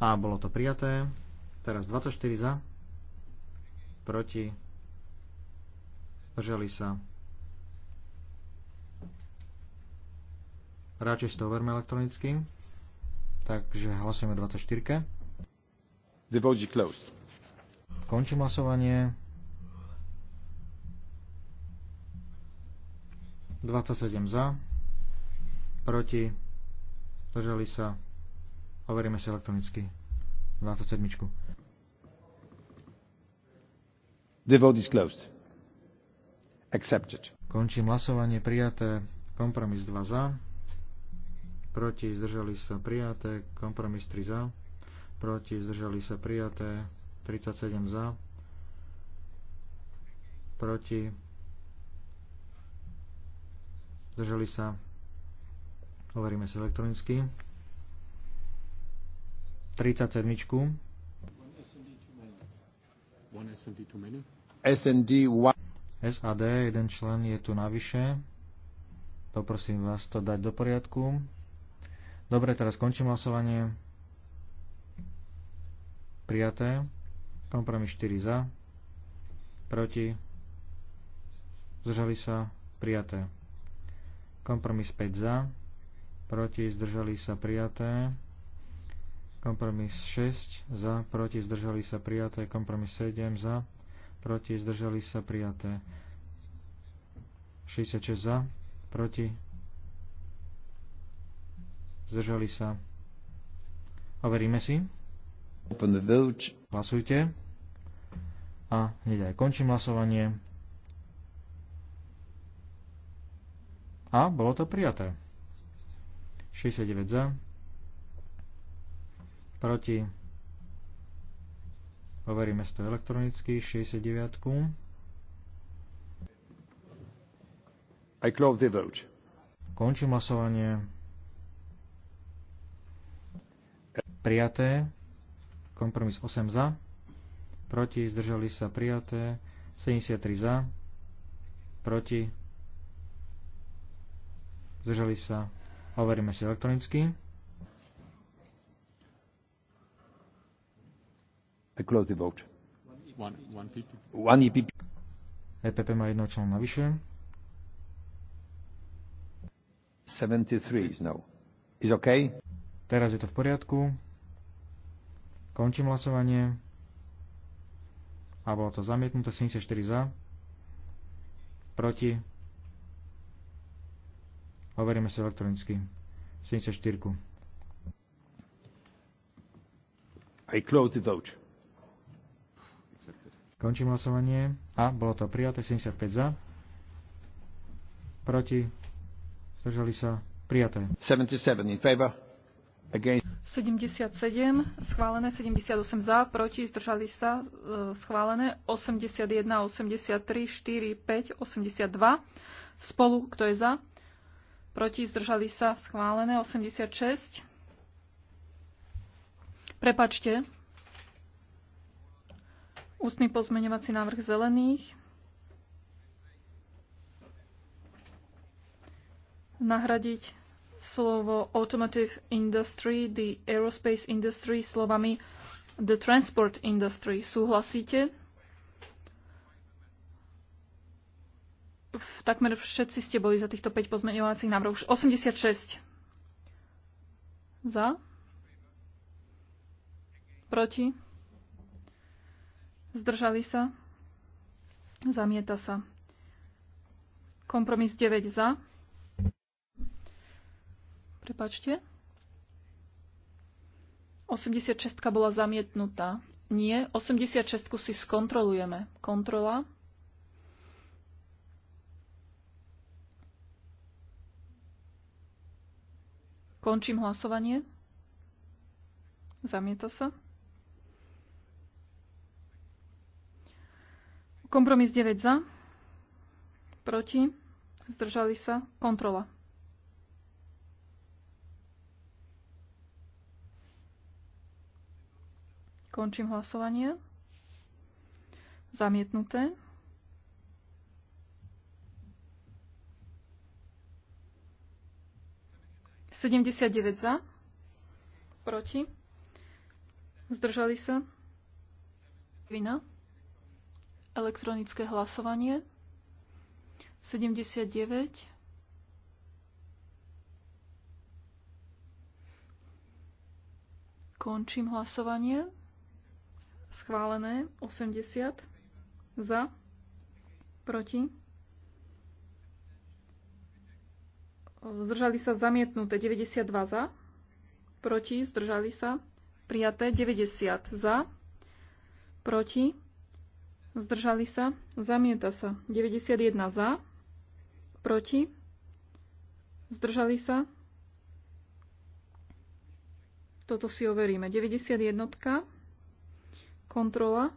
A bolo to prijaté. Teraz 24 za, proti Zdržali sa. Radšej si to overme elektronicky. Takže hlasujeme 24. The vote is closed. Končím hlasovanie. 27 za, proti, zdržali sa, overíme si elektronicky, 27. The vote is closed. Accepted. Končím hlasovanie prijaté. Kompromis 2 za. Proti zdržali sa prijaté. Kompromis 3 za. Proti zdržali sa prijaté. 37 za. Proti. Zdržali sa. Overíme sa elektronicky. 37. SND 1. SAD, jeden člen je tu navyše. Poprosím vás to dať do poriadku. Dobre, teraz končím hlasovanie. Prijaté. Kompromis 4 za. Proti. Zdržali sa. Prijaté. Kompromis 5 za. Proti. Zdržali sa. Prijaté. Kompromis 6 za. Proti. Zdržali sa. Prijaté. Kompromis 7 za proti, zdržali sa prijaté. 66 za, proti, zdržali sa. Overíme si. Open the vote. Hlasujte. A hneď aj končím hlasovanie. A bolo to prijaté. 69 za, proti, Overíme si to elektronicky, 69. I close the vote. Končím hlasovanie. Prijaté. Kompromis 8 za. Proti zdržali sa prijaté. 73 za. Proti. Zdržali sa. Overíme si elektronicky. I close the vote. One, EPP. E EPP. má jedno člena navyše. 73 is now. Is OK? Teraz je to v poriadku. Končím hlasovanie. A bolo to zamietnuté 74 za. Proti. Overíme sa elektronicky. 74. I close the vote. Končím hlasovanie. A, bolo to prijaté. 75 za. Proti. Zdržali sa. Prijaté. 77 in favor. Against. 77. Schválené. 78 za. Proti. Zdržali sa. E, schválené. 81, 83, 4, 5, 82. Spolu. Kto je za? Proti. Zdržali sa. Schválené. 86. Prepačte. Ústny pozmeňovací návrh zelených. Nahradiť slovo automotive industry, the aerospace industry slovami the transport industry. Súhlasíte? takmer všetci ste boli za týchto 5 pozmeňovacích návrhov. Už 86 za. Proti. Zdržali sa? Zamieta sa. Kompromis 9 za. Prepačte. 86 bola zamietnutá. Nie, 86 si skontrolujeme. Kontrola. Končím hlasovanie. Zamieta sa. Kompromis 9 za, proti, zdržali sa, kontrola. Končím hlasovanie. Zamietnuté. Sedemdesiat devet za. Proti. Zdržali sa. Vina. Elektronické hlasovanie. 79. Končím hlasovanie. Schválené 80. Za. Proti. Zdržali sa zamietnuté 92 za. Proti. Zdržali sa. Prijaté 90 za. Proti. Zdržali sa? Zamieta sa. 91 za. Proti? Zdržali sa? Toto si overíme. 91. Kontrola.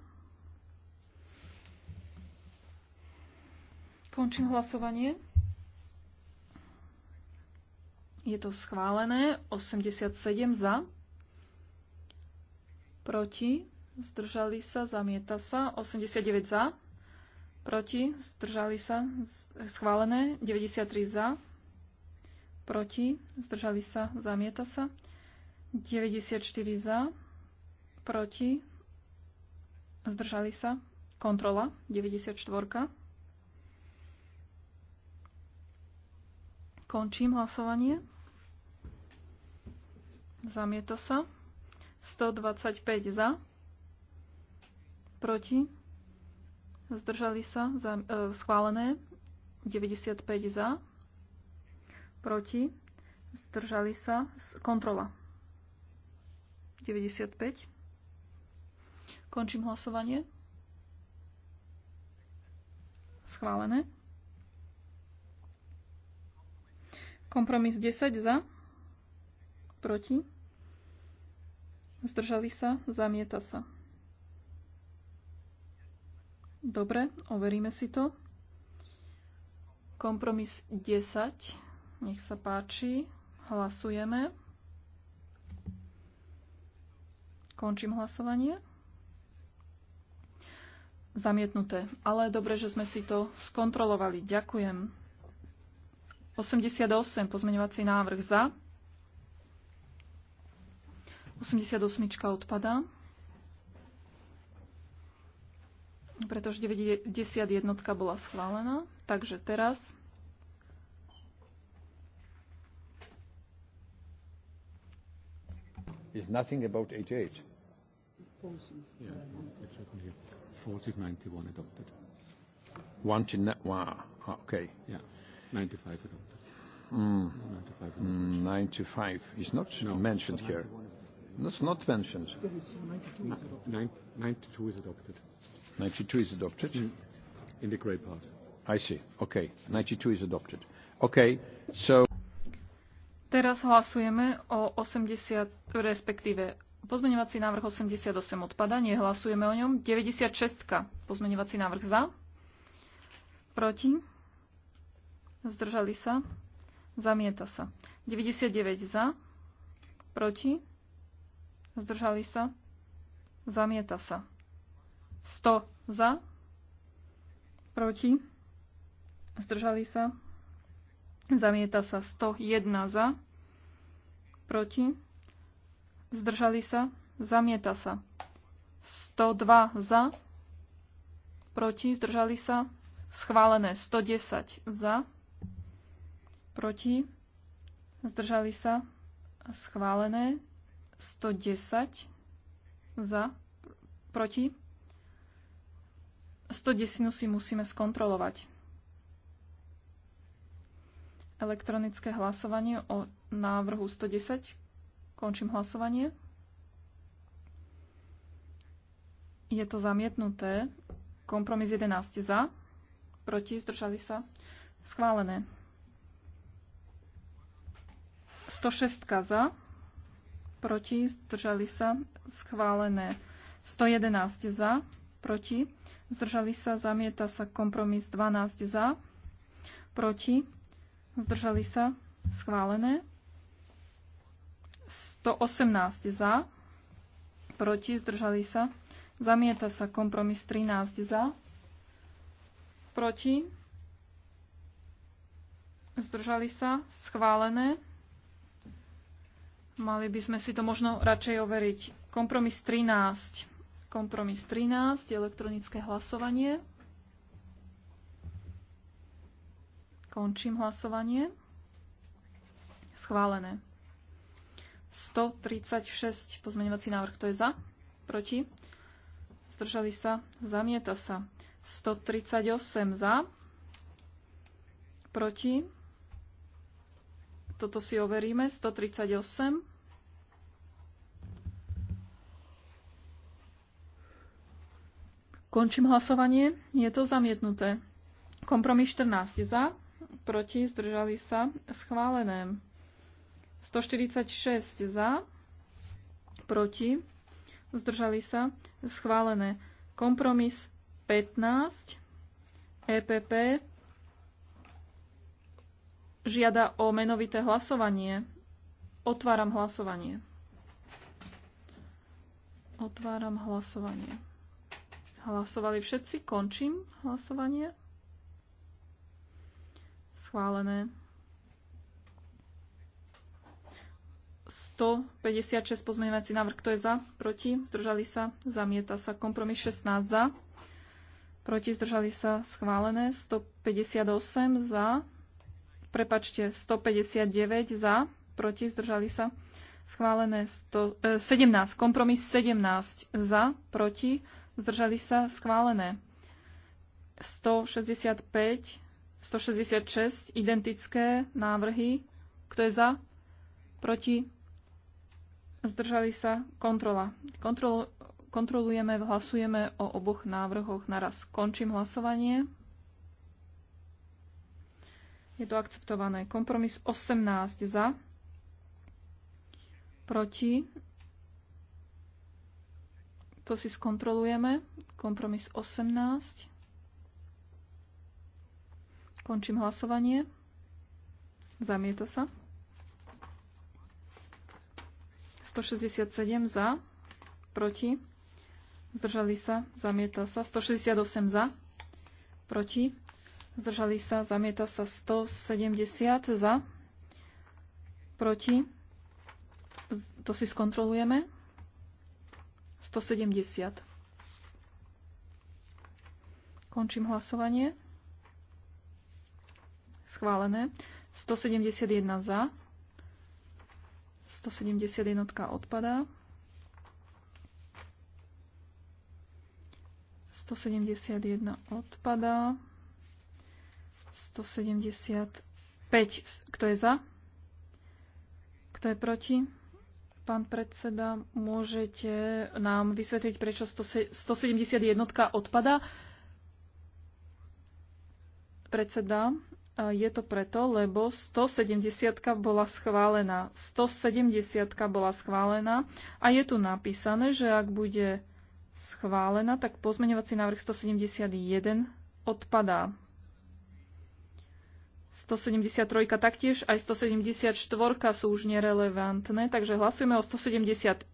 Končím hlasovanie. Je to schválené. 87 za. Proti? zdržali sa, zamieta sa. 89 za, proti, zdržali sa, schválené. 93 za, proti, zdržali sa, zamieta sa. 94 za, proti, zdržali sa, kontrola, 94. Končím hlasovanie. Zamieta sa. 125 za, proti, zdržali sa, za, e, schválené, 95 za, proti, zdržali sa, kontrola. 95. Končím hlasovanie. Schválené. Kompromis 10 za, proti, zdržali sa, zamieta sa. Dobre, overíme si to. Kompromis 10. Nech sa páči. Hlasujeme. Končím hlasovanie. Zamietnuté. Ale dobre, že sme si to skontrolovali. Ďakujem. 88. Pozmeňovací návrh za. 88. odpadá. pretože 91 bola schválená. Takže teraz is nothing about 88. Yeah, it's written here. 4091 adopted. One to wow, ah, okay. Yeah, 95 adopted. Mm. 95, Mm, 95 is not no, mentioned here. That's not mentioned. 92 is adopted. 92 is adopted. Mm. In the grey part. I see. Okay. 92 is adopted. Okay. So... Teraz hlasujeme o 80, respektíve pozmeňovací návrh 88 odpada, nehlasujeme o ňom. 96. Pozmeňovací návrh za. Proti. Zdržali sa. Zamieta sa. 99 za. Proti. Zdržali sa. Zamieta sa. 100 za, proti, zdržali sa, zamieta sa 101 za, proti, zdržali sa, zamieta sa 102 za, proti, zdržali sa, schválené 110 za, proti, zdržali sa, schválené 110 za, proti, 110 si musíme skontrolovať. Elektronické hlasovanie o návrhu 110. Končím hlasovanie. Je to zamietnuté. Kompromis 11 za. Proti. Zdržali sa. Schválené. 106 za. Proti. Zdržali sa. Schválené. 111 za. Proti zdržali sa, zamieta sa kompromis 12 za, proti, zdržali sa, schválené. 118 za, proti, zdržali sa, zamieta sa kompromis 13 za, proti, zdržali sa, schválené. Mali by sme si to možno radšej overiť. Kompromis 13. Kompromis 13, elektronické hlasovanie. Končím hlasovanie. Schválené. 136 pozmeňovací návrh. Kto je za? Proti? Zdržali sa? Zamieta sa. 138 za. Proti? Toto si overíme. 138. Končím hlasovanie. Je to zamietnuté. Kompromis 14 za, proti, zdržali sa, schválené. 146 za, proti, zdržali sa, schválené. Kompromis 15, EPP žiada o menovité hlasovanie. Otváram hlasovanie. Otváram hlasovanie. Hlasovali všetci. Končím hlasovanie. Schválené. 156 pozmeňovací návrh. Kto je za? Proti? Zdržali sa? Zamieta sa. Kompromis 16 za. Proti? Zdržali sa? Schválené. 158 za. Prepačte, 159 za. Proti? Zdržali sa? Schválené. 100, 17. Eh, Kompromis 17 za. Proti? zdržali sa, schválené. 165, 166, identické návrhy. Kto je za? Proti? Zdržali sa? Kontrola. Kontrol, kontrolujeme, hlasujeme o oboch návrhoch naraz. Končím hlasovanie. Je to akceptované. Kompromis 18 za, proti to si skontrolujeme. Kompromis 18. Končím hlasovanie. Zamieta sa. 167 za, proti, zdržali sa, zamieta sa. 168 za, proti, zdržali sa, zamieta sa. 170 za, proti, to si skontrolujeme. 170. Končím hlasovanie. Schválené. 171 za. 171 odpadá. 171 odpadá. 175. Kto je za? Kto je proti? Pán predseda, môžete nám vysvetliť, prečo 171 odpada? Predseda, je to preto, lebo 170 bola schválená. 170 bola schválená a je tu napísané, že ak bude schválená, tak pozmeňovací návrh 171 odpadá. 173 taktiež, aj 174 sú už nerelevantné, takže hlasujeme o 175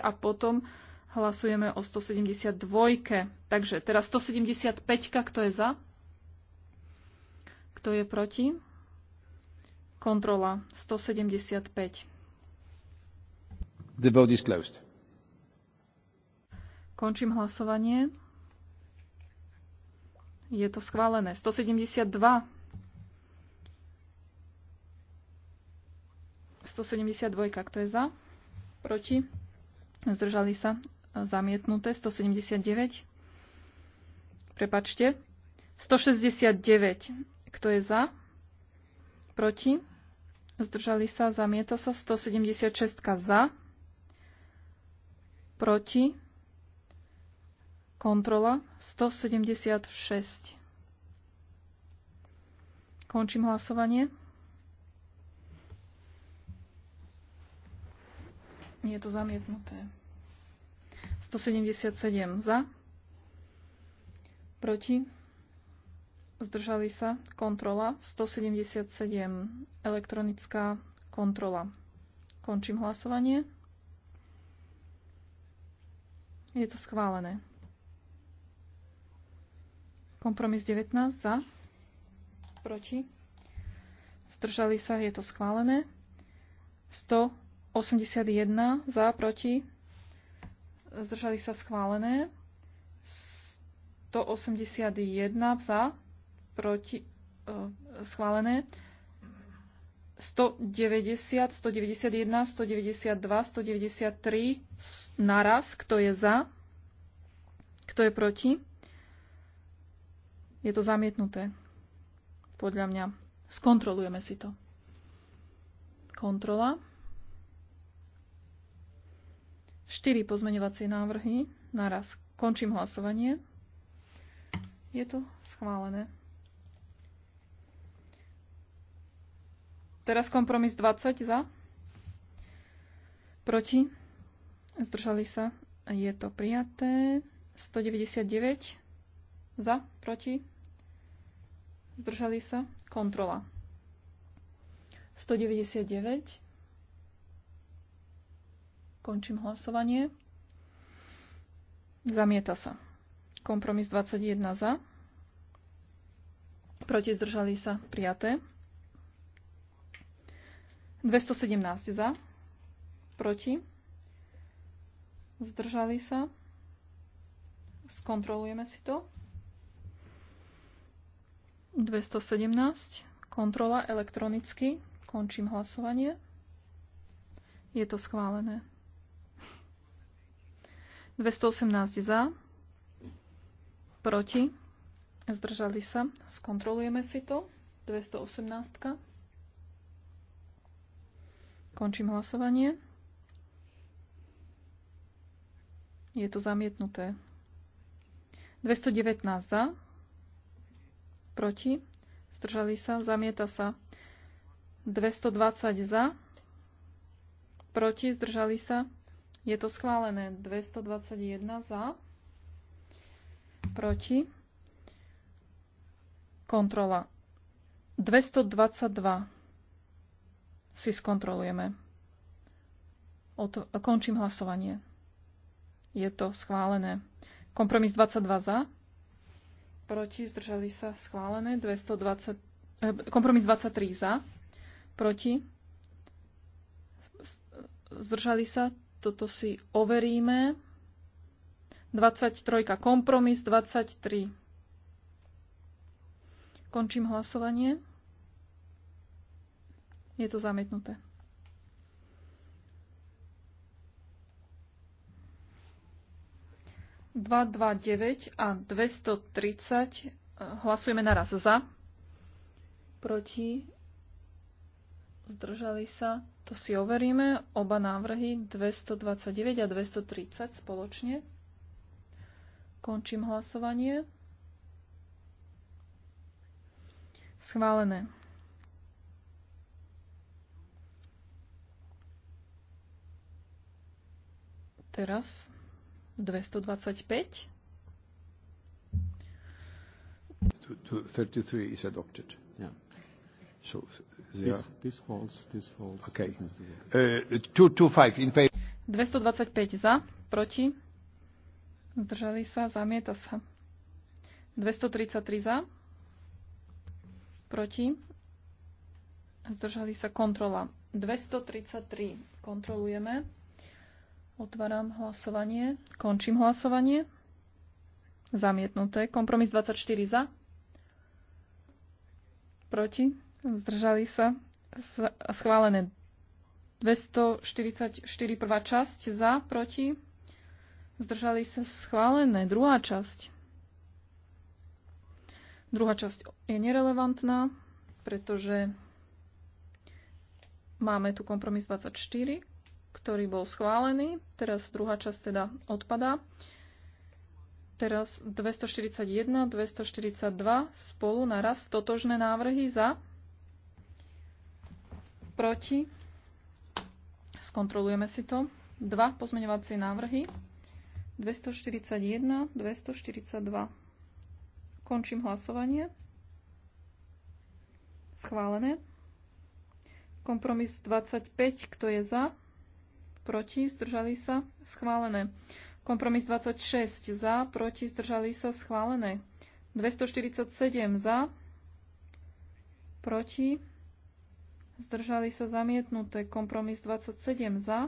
a potom hlasujeme o 172. Takže teraz 175, kto je za? Kto je proti? Kontrola 175. The vote is closed. Končím hlasovanie. Je to schválené. 172 172, kto je za? Proti? Zdržali sa? Zamietnuté. 179. Prepačte. 169. Kto je za? Proti? Zdržali sa? Zamieta sa. 176 za? Proti? Kontrola. 176. Končím hlasovanie. Je to zamietnuté. 177 za. Proti. Zdržali sa. Kontrola. 177. Elektronická kontrola. Končím hlasovanie. Je to schválené. Kompromis 19 za. Proti. Zdržali sa. Je to schválené. 100. 81 za, proti, zdržali sa schválené. 181 za, proti, uh, schválené. 190, 191, 192, 193 naraz, kto je za, kto je proti. Je to zamietnuté, podľa mňa. Skontrolujeme si to. Kontrola. 4 pozmeňovacie návrhy naraz. Končím hlasovanie. Je to schválené. Teraz kompromis 20 za. Proti. Zdržali sa. Je to prijaté. 199 za. Proti. Zdržali sa. Kontrola. 199. Končím hlasovanie. Zamieta sa. Kompromis 21 za. Proti zdržali sa prijaté. 217 za. Proti. Zdržali sa. Skontrolujeme si to. 217. Kontrola elektronicky. Končím hlasovanie. Je to schválené. 218 za, proti, zdržali sa, skontrolujeme si to, 218. Končím hlasovanie. Je to zamietnuté. 219 za, proti, zdržali sa, zamieta sa. 220 za, proti, zdržali sa, je to schválené 221 za, proti, kontrola 222 si skontrolujeme. končím hlasovanie. Je to schválené. Kompromis 22 za, proti, zdržali sa schválené 220, eh, kompromis 23 za, proti, zdržali sa toto si overíme. 23. Kompromis 23. Končím hlasovanie. Je to zamietnuté. Dva, dva, deväť a 230. Hlasujeme naraz za, proti, zdržali sa, to si overíme, oba návrhy 229 a 230 spoločne. Končím hlasovanie. Schválené. Teraz 225. 233 is adopted. Yeah. So 225 uh, za, proti. Zdržali sa, zamieta sa. 233 za, proti. Zdržali sa kontrola. 233 kontrolujeme. Otváram hlasovanie. Končím hlasovanie. Zamietnuté. Kompromis 24 za. Proti zdržali sa, schválené 244 prvá časť za, proti, zdržali sa, schválené druhá časť. Druhá časť je nerelevantná, pretože máme tu kompromis 24, ktorý bol schválený. Teraz druhá časť teda odpadá. Teraz 241, 242 spolu naraz totožné návrhy za, proti. Skontrolujeme si to. Dva pozmeňovacie návrhy. 241, 242. Končím hlasovanie. Schválené. Kompromis 25, kto je za? Proti, zdržali sa? Schválené. Kompromis 26, za, proti, zdržali sa? Schválené. 247, za, proti, zdržali sa zamietnuté. Kompromis 27 za,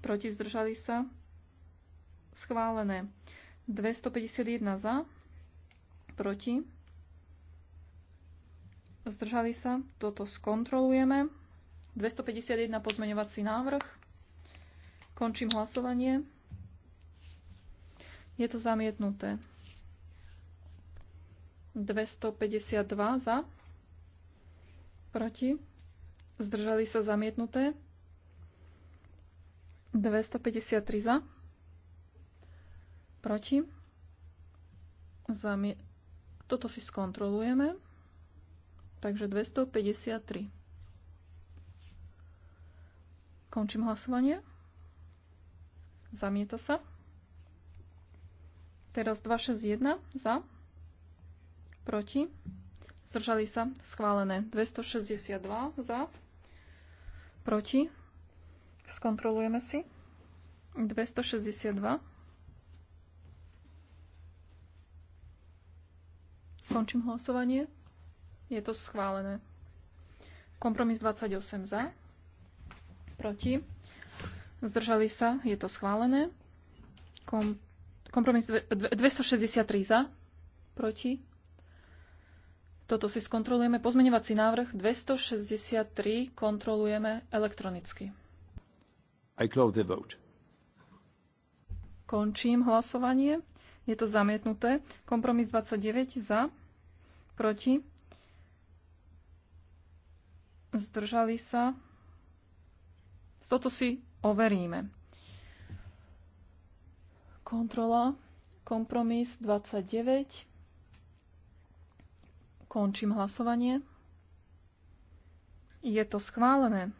proti zdržali sa schválené. 251 za, proti, zdržali sa, toto skontrolujeme. 251 pozmeňovací návrh. Končím hlasovanie. Je to zamietnuté. 252 za, proti, zdržali sa zamietnuté. 253 za, proti. Zami- Toto si skontrolujeme. Takže 253. Končím hlasovanie. Zamieta sa. Teraz 261 za, proti, zdržali sa, schválené. 262 za, Proti? Skontrolujeme si. 262. Končím hlasovanie. Je to schválené. Kompromis 28 za. Proti. Zdržali sa. Je to schválené. Kom kompromis 263 za. Proti. Toto si skontrolujeme. Pozmeňovací návrh 263 kontrolujeme elektronicky. I close the vote. Končím hlasovanie. Je to zamietnuté. Kompromis 29 za, proti. Zdržali sa. Toto si overíme. Kontrola. Kompromis 29. Končím hlasovanie. Je to schválené.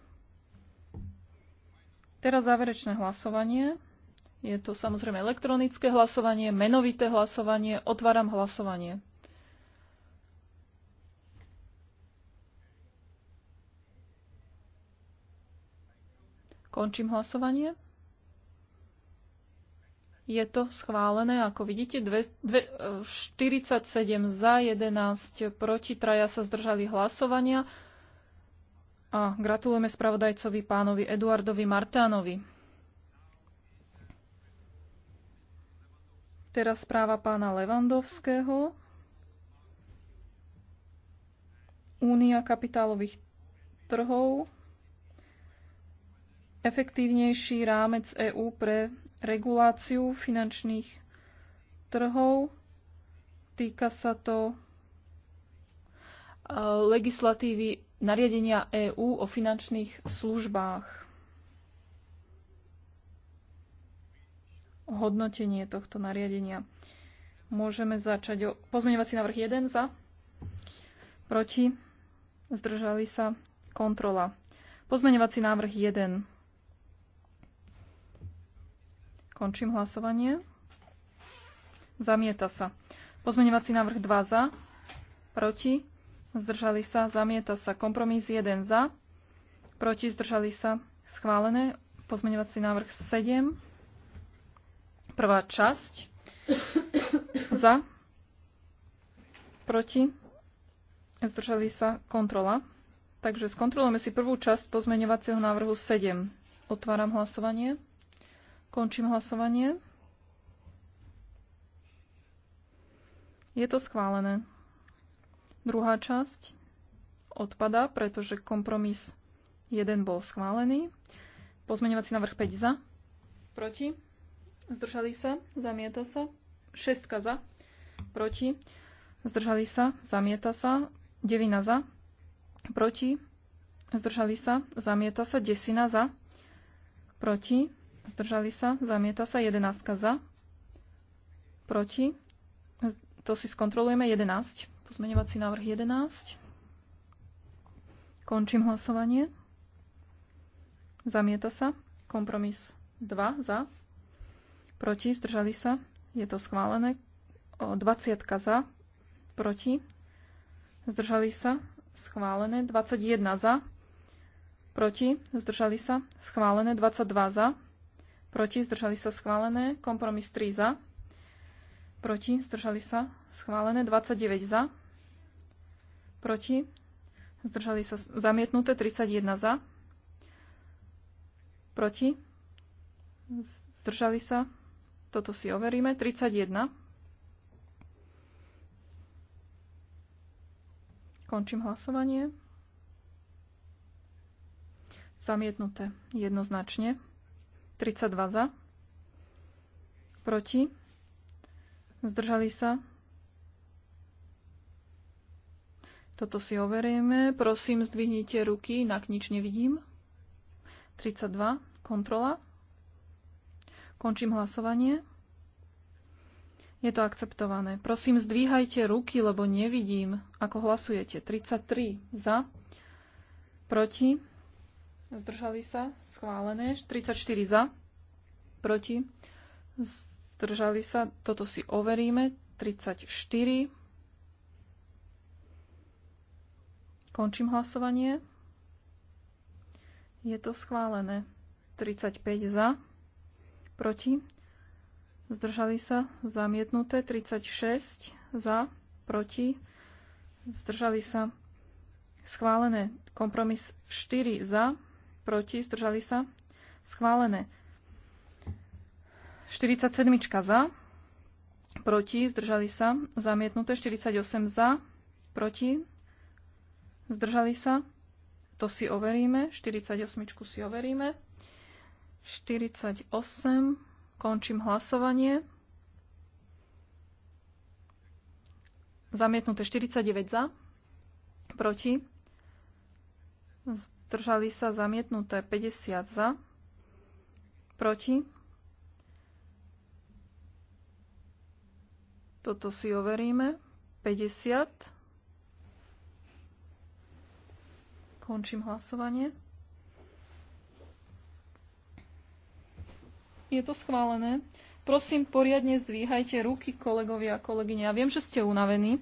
Teraz záverečné hlasovanie. Je to samozrejme elektronické hlasovanie, menovité hlasovanie. Otváram hlasovanie. Končím hlasovanie. Je to schválené, ako vidíte, dve, dve, 47 za, 11 proti, traja sa zdržali hlasovania. A gratulujeme spravodajcovi pánovi Eduardovi Martánovi. Teraz správa pána Levandovského. Únia kapitálových trhov. Efektívnejší rámec EÚ pre reguláciu finančných trhov. Týka sa to e, legislatívy nariadenia EÚ o finančných službách. Hodnotenie tohto nariadenia. Môžeme začať o pozmeňovací návrh 1 za, proti, zdržali sa, kontrola. Pozmeňovací návrh 1. Končím hlasovanie. Zamieta sa. Pozmeňovací návrh 2 za, proti, zdržali sa, zamieta sa. Kompromis 1 za, proti, zdržali sa, schválené. Pozmeňovací návrh 7, prvá časť, za, proti, zdržali sa, kontrola. Takže skontrolujeme si prvú časť pozmeňovacieho návrhu 7. Otváram hlasovanie. Končím hlasovanie. Je to schválené. Druhá časť odpada, pretože kompromis 1 bol schválený. Pozmeňovací návrh 5 za. Proti. Zdržali sa. Zamieta sa. 6 za. Proti. Zdržali sa. Zamieta sa. 9 za. Proti. Zdržali sa. Zamieta sa. 10 za. Proti. Zdržali sa? Zamieta sa. 11 za. Proti. To si skontrolujeme. 11. Pozmeňovací návrh 11. Končím hlasovanie. Zamieta sa. Kompromis 2 za. Proti. Zdržali sa. Je to schválené. 20 za. Proti. Zdržali sa. Schválené. 21 za. Proti. Zdržali sa. Schválené. 22 za Proti zdržali sa schválené. Kompromis 3 za. Proti zdržali sa schválené. 29 za. Proti zdržali sa zamietnuté. 31 za. Proti zdržali sa. Toto si overíme. 31. Končím hlasovanie. Zamietnuté jednoznačne. 32 za. Proti. Zdržali sa. Toto si overieme. Prosím, zdvihnite ruky, inak nič nevidím. 32. Kontrola. Končím hlasovanie. Je to akceptované. Prosím, zdvíhajte ruky, lebo nevidím, ako hlasujete. 33 za, proti, Zdržali sa? Schválené. 34 za. Proti. Zdržali sa? Toto si overíme. 34. Končím hlasovanie. Je to schválené. 35 za. Proti. Zdržali sa? Zamietnuté. 36 za. Proti. Zdržali sa? Schválené. Kompromis 4 za proti, zdržali sa, schválené. 47 za, proti, zdržali sa, zamietnuté. 48 za, proti, zdržali sa, to si overíme. 48 si overíme. 48, končím hlasovanie. Zamietnuté 49 za, proti, Zdržali sa zamietnuté 50 za. Proti. Toto si overíme. 50. Končím hlasovanie. Je to schválené. Prosím, poriadne zdvíhajte ruky, kolegovia a kolegyne. Ja viem, že ste unavení.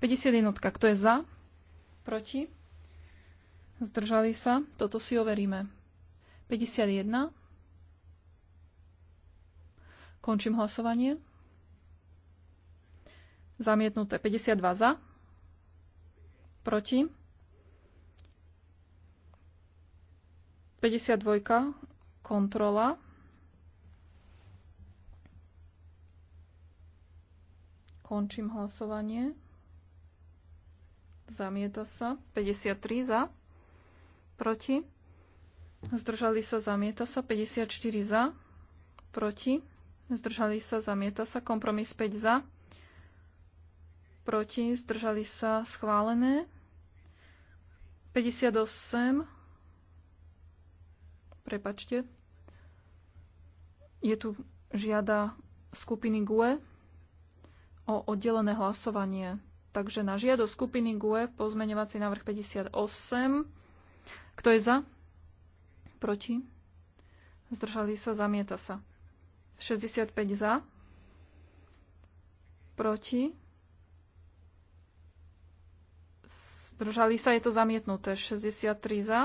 51. Kto je za? Proti? Zdržali sa? Toto si overíme. 51. Končím hlasovanie. Zamietnuté 52 za. Proti. 52. Kontrola. Končím hlasovanie. Zamieta sa. 53 za proti, zdržali sa, zamieta sa, 54 za, proti, zdržali sa, zamieta sa, kompromis 5 za, proti, zdržali sa, schválené, 58, prepačte, je tu žiada skupiny GUE o oddelené hlasovanie. Takže na žiado skupiny GUE pozmeňovací návrh 58 kto je za? Proti? Zdržali sa, zamieta sa. 65 za. Proti? Zdržali sa, je to zamietnuté. 63 za.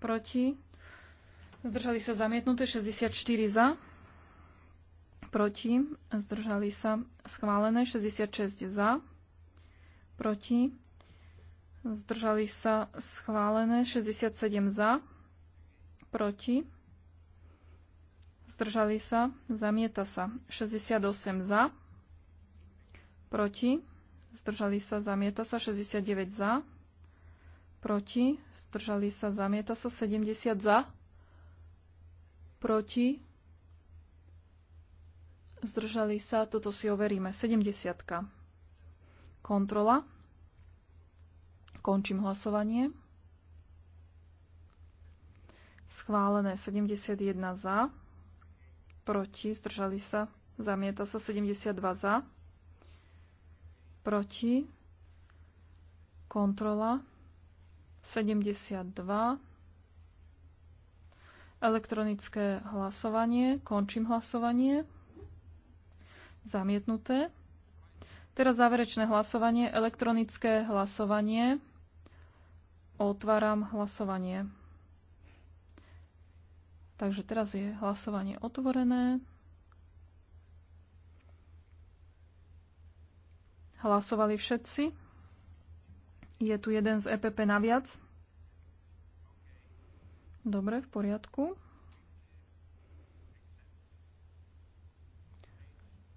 Proti? Zdržali sa, zamietnuté. 64 za. Proti? Zdržali sa, schválené. 66 za. Proti? Zdržali sa schválené 67 za, proti. Zdržali sa, zamieta sa 68 za, proti. Zdržali sa, zamieta sa 69 za, proti. Zdržali sa, zamieta sa 70 za, proti. Zdržali sa, toto si overíme, 70. Kontrola. Končím hlasovanie. Schválené 71 za, proti, zdržali sa, zamieta sa 72 za, proti, kontrola 72, elektronické hlasovanie, končím hlasovanie, zamietnuté. Teraz záverečné hlasovanie, elektronické hlasovanie. Otváram hlasovanie. Takže teraz je hlasovanie otvorené. Hlasovali všetci. Je tu jeden z EPP naviac. Dobre, v poriadku.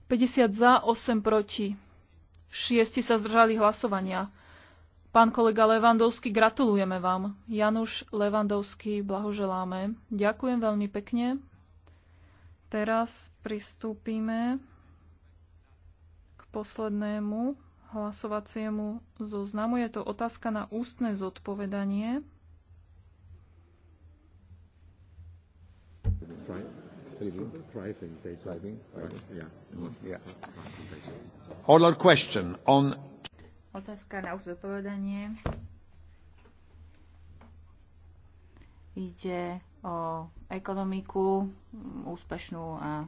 50 za, 8 proti. 6 sa zdržali hlasovania. Pán kolega Levandovský, gratulujeme vám. Januš Levandovský, blahoželáme. Ďakujem veľmi pekne. Teraz pristúpime k poslednému hlasovaciemu zoznamu. Je to otázka na ústne zodpovedanie. Order question on Otázka na zodpovedanie. Ide o ekonomiku úspešnú a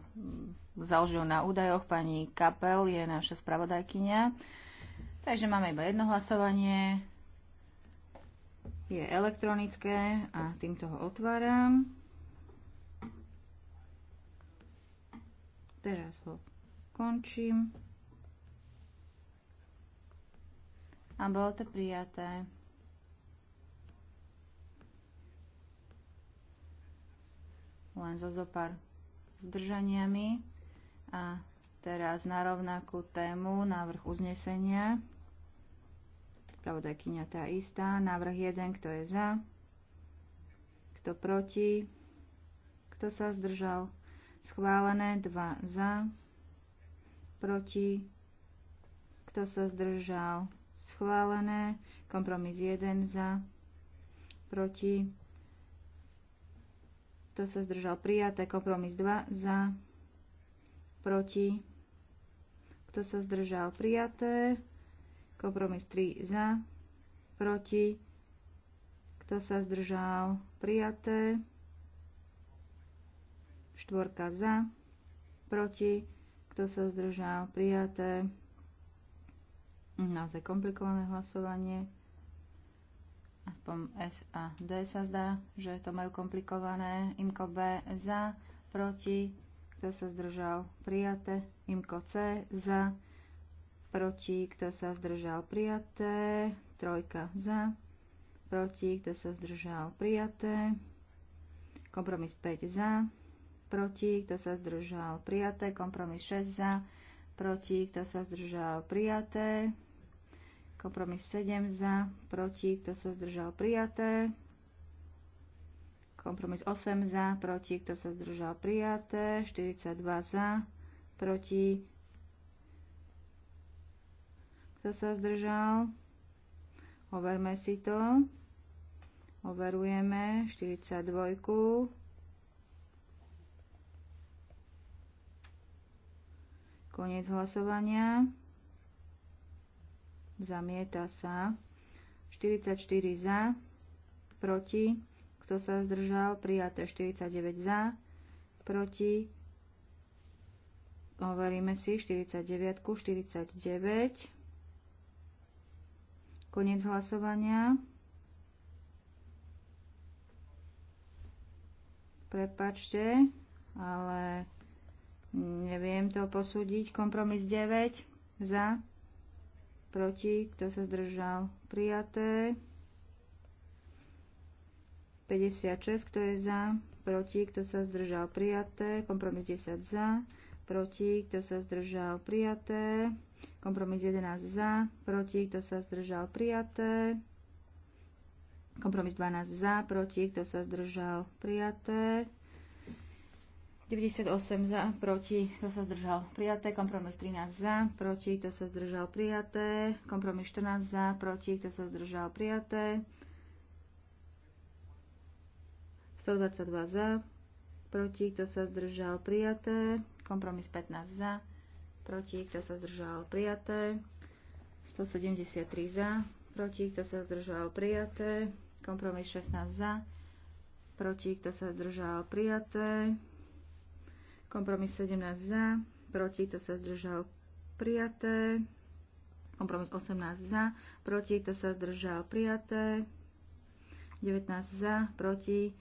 založenú na údajoch. Pani Kapel je naša spravodajkynia. Takže máme iba jedno hlasovanie. Je elektronické a týmto ho otváram. Teraz ho končím. A bolo to prijaté. Len zo zopár zdržaniami. A teraz na rovnakú tému návrh uznesenia. Pravodajkyňa tá istá. Návrh 1, kto je za? Kto proti? Kto sa zdržal? Schválené 2 za, proti, kto sa zdržal, schválené. Kompromis 1 za, proti. To sa zdržal prijaté. Kompromis 2 za, proti. Kto sa zdržal prijaté. Kompromis 3 za, proti. Kto sa zdržal prijaté. Štvorka za, proti. Kto sa zdržal prijaté. Naozaj komplikované hlasovanie. Aspoň S a D sa zdá, že to majú komplikované. Imko B za, proti, kto sa zdržal, prijaté. Imko C za, proti, kto sa zdržal, prijaté. Trojka za, proti, kto sa zdržal, prijaté. Kompromis 5 za, proti, kto sa zdržal, prijaté, kompromis 6 za, proti, kto sa zdržal, prijaté, Kompromis 7 za, proti, kto sa zdržal prijaté. Kompromis 8 za, proti, kto sa zdržal prijaté. 42 za, proti, kto sa zdržal. Overme si to. Overujeme 42. Koniec hlasovania zamieta sa. 44 za, proti, kto sa zdržal, prijaté 49 za, proti, overíme si 49, 49, koniec hlasovania. Prepačte, ale neviem to posúdiť. Kompromis 9 za, proti, kto sa zdržal, prijaté. 56, kto je za, proti, kto sa zdržal, prijaté. Kompromis 10 za, proti, kto sa zdržal, prijaté. Kompromis 11 za, proti, kto sa zdržal, prijaté. Kompromis 12 za, proti, kto sa zdržal, prijaté. 98 za, proti, to sa zdržal prijaté. Kompromis 13 za, proti, to sa zdržal prijaté. Kompromis 14 za, proti, to sa zdržal prijaté. 122 za, proti, kto sa zdržal, prijaté. Kompromis 15 za, proti, to sa zdržal, prijaté. 173 za, proti, kto sa zdržal, prijaté. Kompromis 16 za, proti, kto sa zdržal, prijaté. Kompromis 17 za, proti, kto sa zdržal, prijaté. Kompromis 18 za, proti, to sa zdržal, prijaté. 19 za, proti,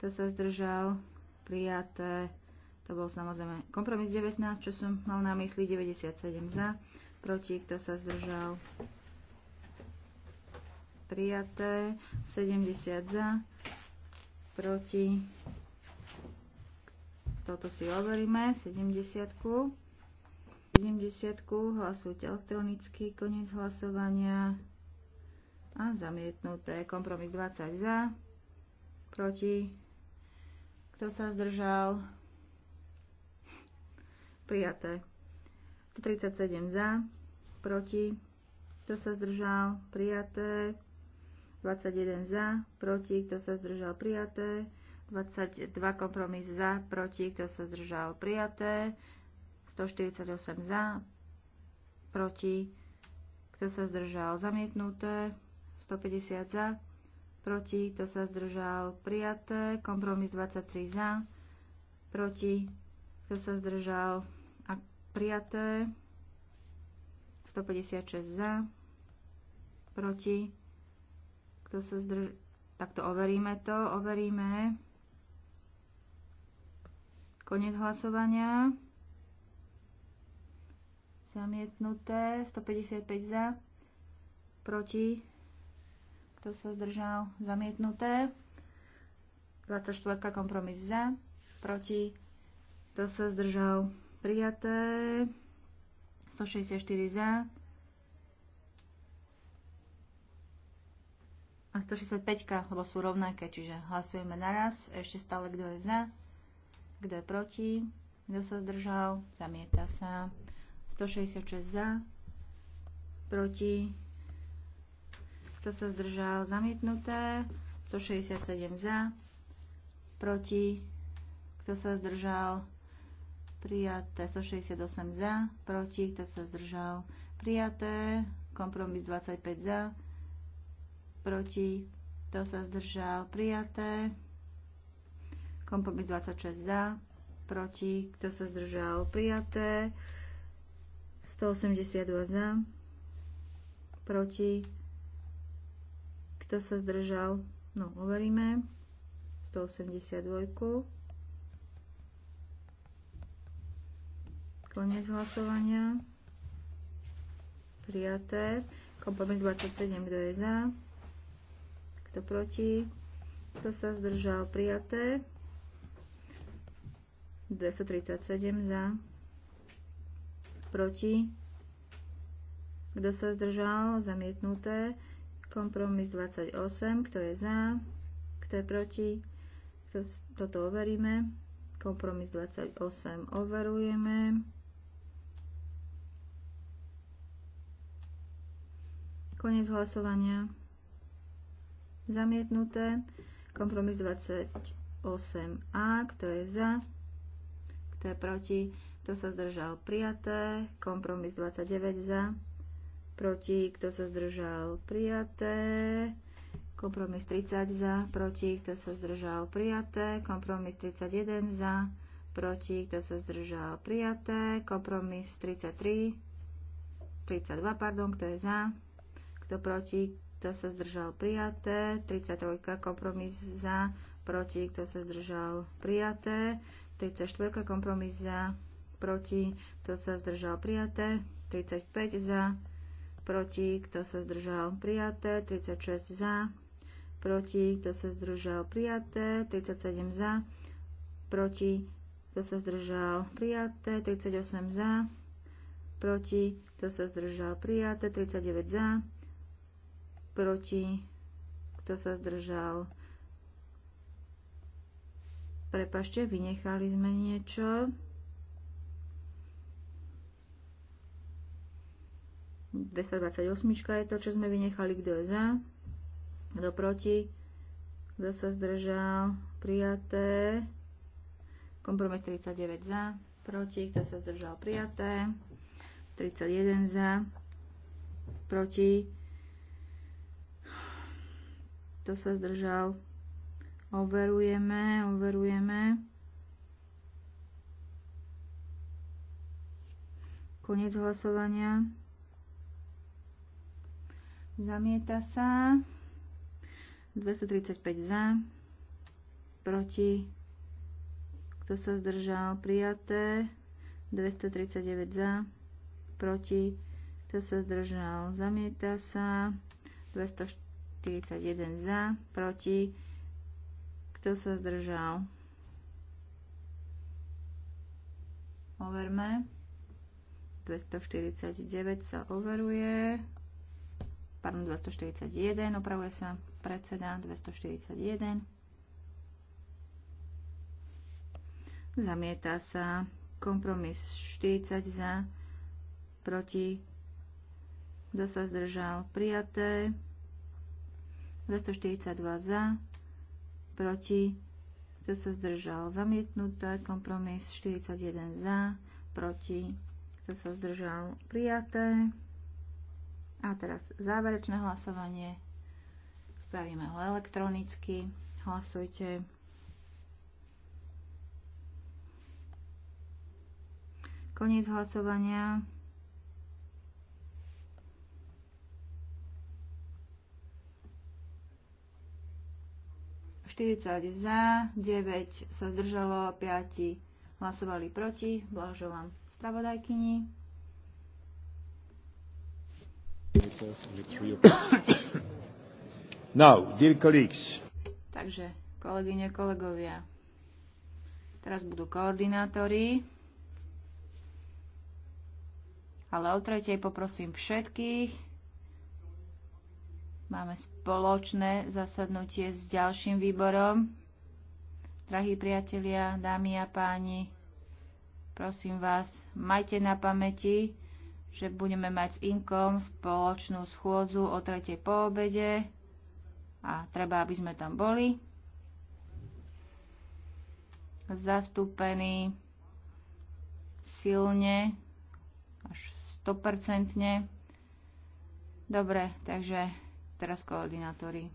kto sa zdržal, prijaté. To bol samozrejme kompromis 19, čo som mal na mysli, 97 za, proti, kto sa zdržal, prijaté, 70 za, proti, toto si overíme. 70. 70. Hlasujte elektronicky. Koniec hlasovania. A zamietnuté. Kompromis 20 za. Proti. Kto sa zdržal? Prijaté. 137 za. Proti. Kto sa zdržal? Prijaté. 21 za. Proti. Kto sa zdržal? Prijaté. 22 kompromis za, proti, kto sa zdržal prijaté, 148 za, proti, kto sa zdržal zamietnuté, 150 za, proti, kto sa zdržal prijaté, kompromis 23 za, proti, kto sa zdržal a prijaté, 156 za, proti, kto sa zdržal, takto overíme to, overíme, Konec hlasovania. Zamietnuté. 155 za. Proti. Kto sa zdržal? Zamietnuté. 24 kompromis za. Proti. Kto sa zdržal? Prijaté. 164 za. A 165, lebo sú rovnaké, čiže hlasujeme naraz. Ešte stále, kto je za. Kto je proti? Kto sa zdržal? Zamieta sa. 166 za. Proti. Kto sa zdržal? Zamietnuté. 167 za. Proti. Kto sa zdržal? Prijaté. 168 za. Proti. Kto sa zdržal? Prijaté. Kompromis 25 za. Proti. Kto sa zdržal? Prijaté. Kompromis 26 za, proti, kto sa zdržal, prijaté. 182 za, proti, kto sa zdržal, no overíme. 182. Koniec hlasovania. Prijaté. Kompromis 27, kto je za, kto proti, kto sa zdržal, prijaté. 237 za, proti, kto sa zdržal, zamietnuté, kompromis 28, kto je za, kto je proti, toto overíme, kompromis 28 overujeme, koniec hlasovania, zamietnuté, kompromis 28a, kto je za, kto je proti, kto sa zdržal prijaté, kompromis 29 za, proti, kto sa zdržal prijaté, kompromis 30 za, proti, kto sa zdržal prijaté, kompromis 31 za, proti, kto sa zdržal prijaté, kompromis 33, 32, pardon, kto je za, kto proti, kto sa zdržal prijaté, 33, kompromis za, proti, kto sa zdržal prijaté, 34 kompromis za, proti, kto sa zdržal prijaté, 35 za, proti, kto sa zdržal prijaté, 36 za, proti, kto sa zdržal prijaté, 37 za, proti, kto sa zdržal prijaté, 38 za, proti, kto sa zdržal prijaté, 39 za, proti, kto sa zdržal prijaté, Prepašte, vynechali sme niečo. osmička je to, čo sme vynechali. Kto je za? Kto proti? Kto sa zdržal? Prijaté. Kompromis 39 za. Proti. Kto sa zdržal? Prijaté. 31 za. Proti. Kto sa zdržal? Overujeme, overujeme. Konec hlasovania. Zamieta sa. 235 za. Proti. Kto sa zdržal? Prijaté. 239 za. Proti. Kto sa zdržal? Zamieta sa. 241 za. Proti. Kto sa zdržal? Overme. 249 sa overuje. Pardon, 241, opravuje sa predseda, 241. Zamieta sa kompromis 40 za, proti, kto sa zdržal, prijaté, 242 za, proti, kto sa zdržal, zamietnuté, kompromis 41 za, proti, kto sa zdržal, prijaté. A teraz záverečné hlasovanie. Spravíme ho elektronicky. Hlasujte. Koniec hlasovania. 40 za, 9 sa zdržalo, 5 hlasovali proti. Blahoželám spravodajkyni. Now, dear colleagues. Takže, kolegyne, kolegovia, teraz budú koordinátori. Ale o tretej poprosím všetkých. Máme spoločné zasadnutie s ďalším výborom. Drahí priatelia, dámy a páni, prosím vás, majte na pamäti, že budeme mať s Inkom spoločnú schôdzu o tretej po obede a treba, aby sme tam boli zastúpení silne, až 100%. Dobre, takže teraz koordinátori.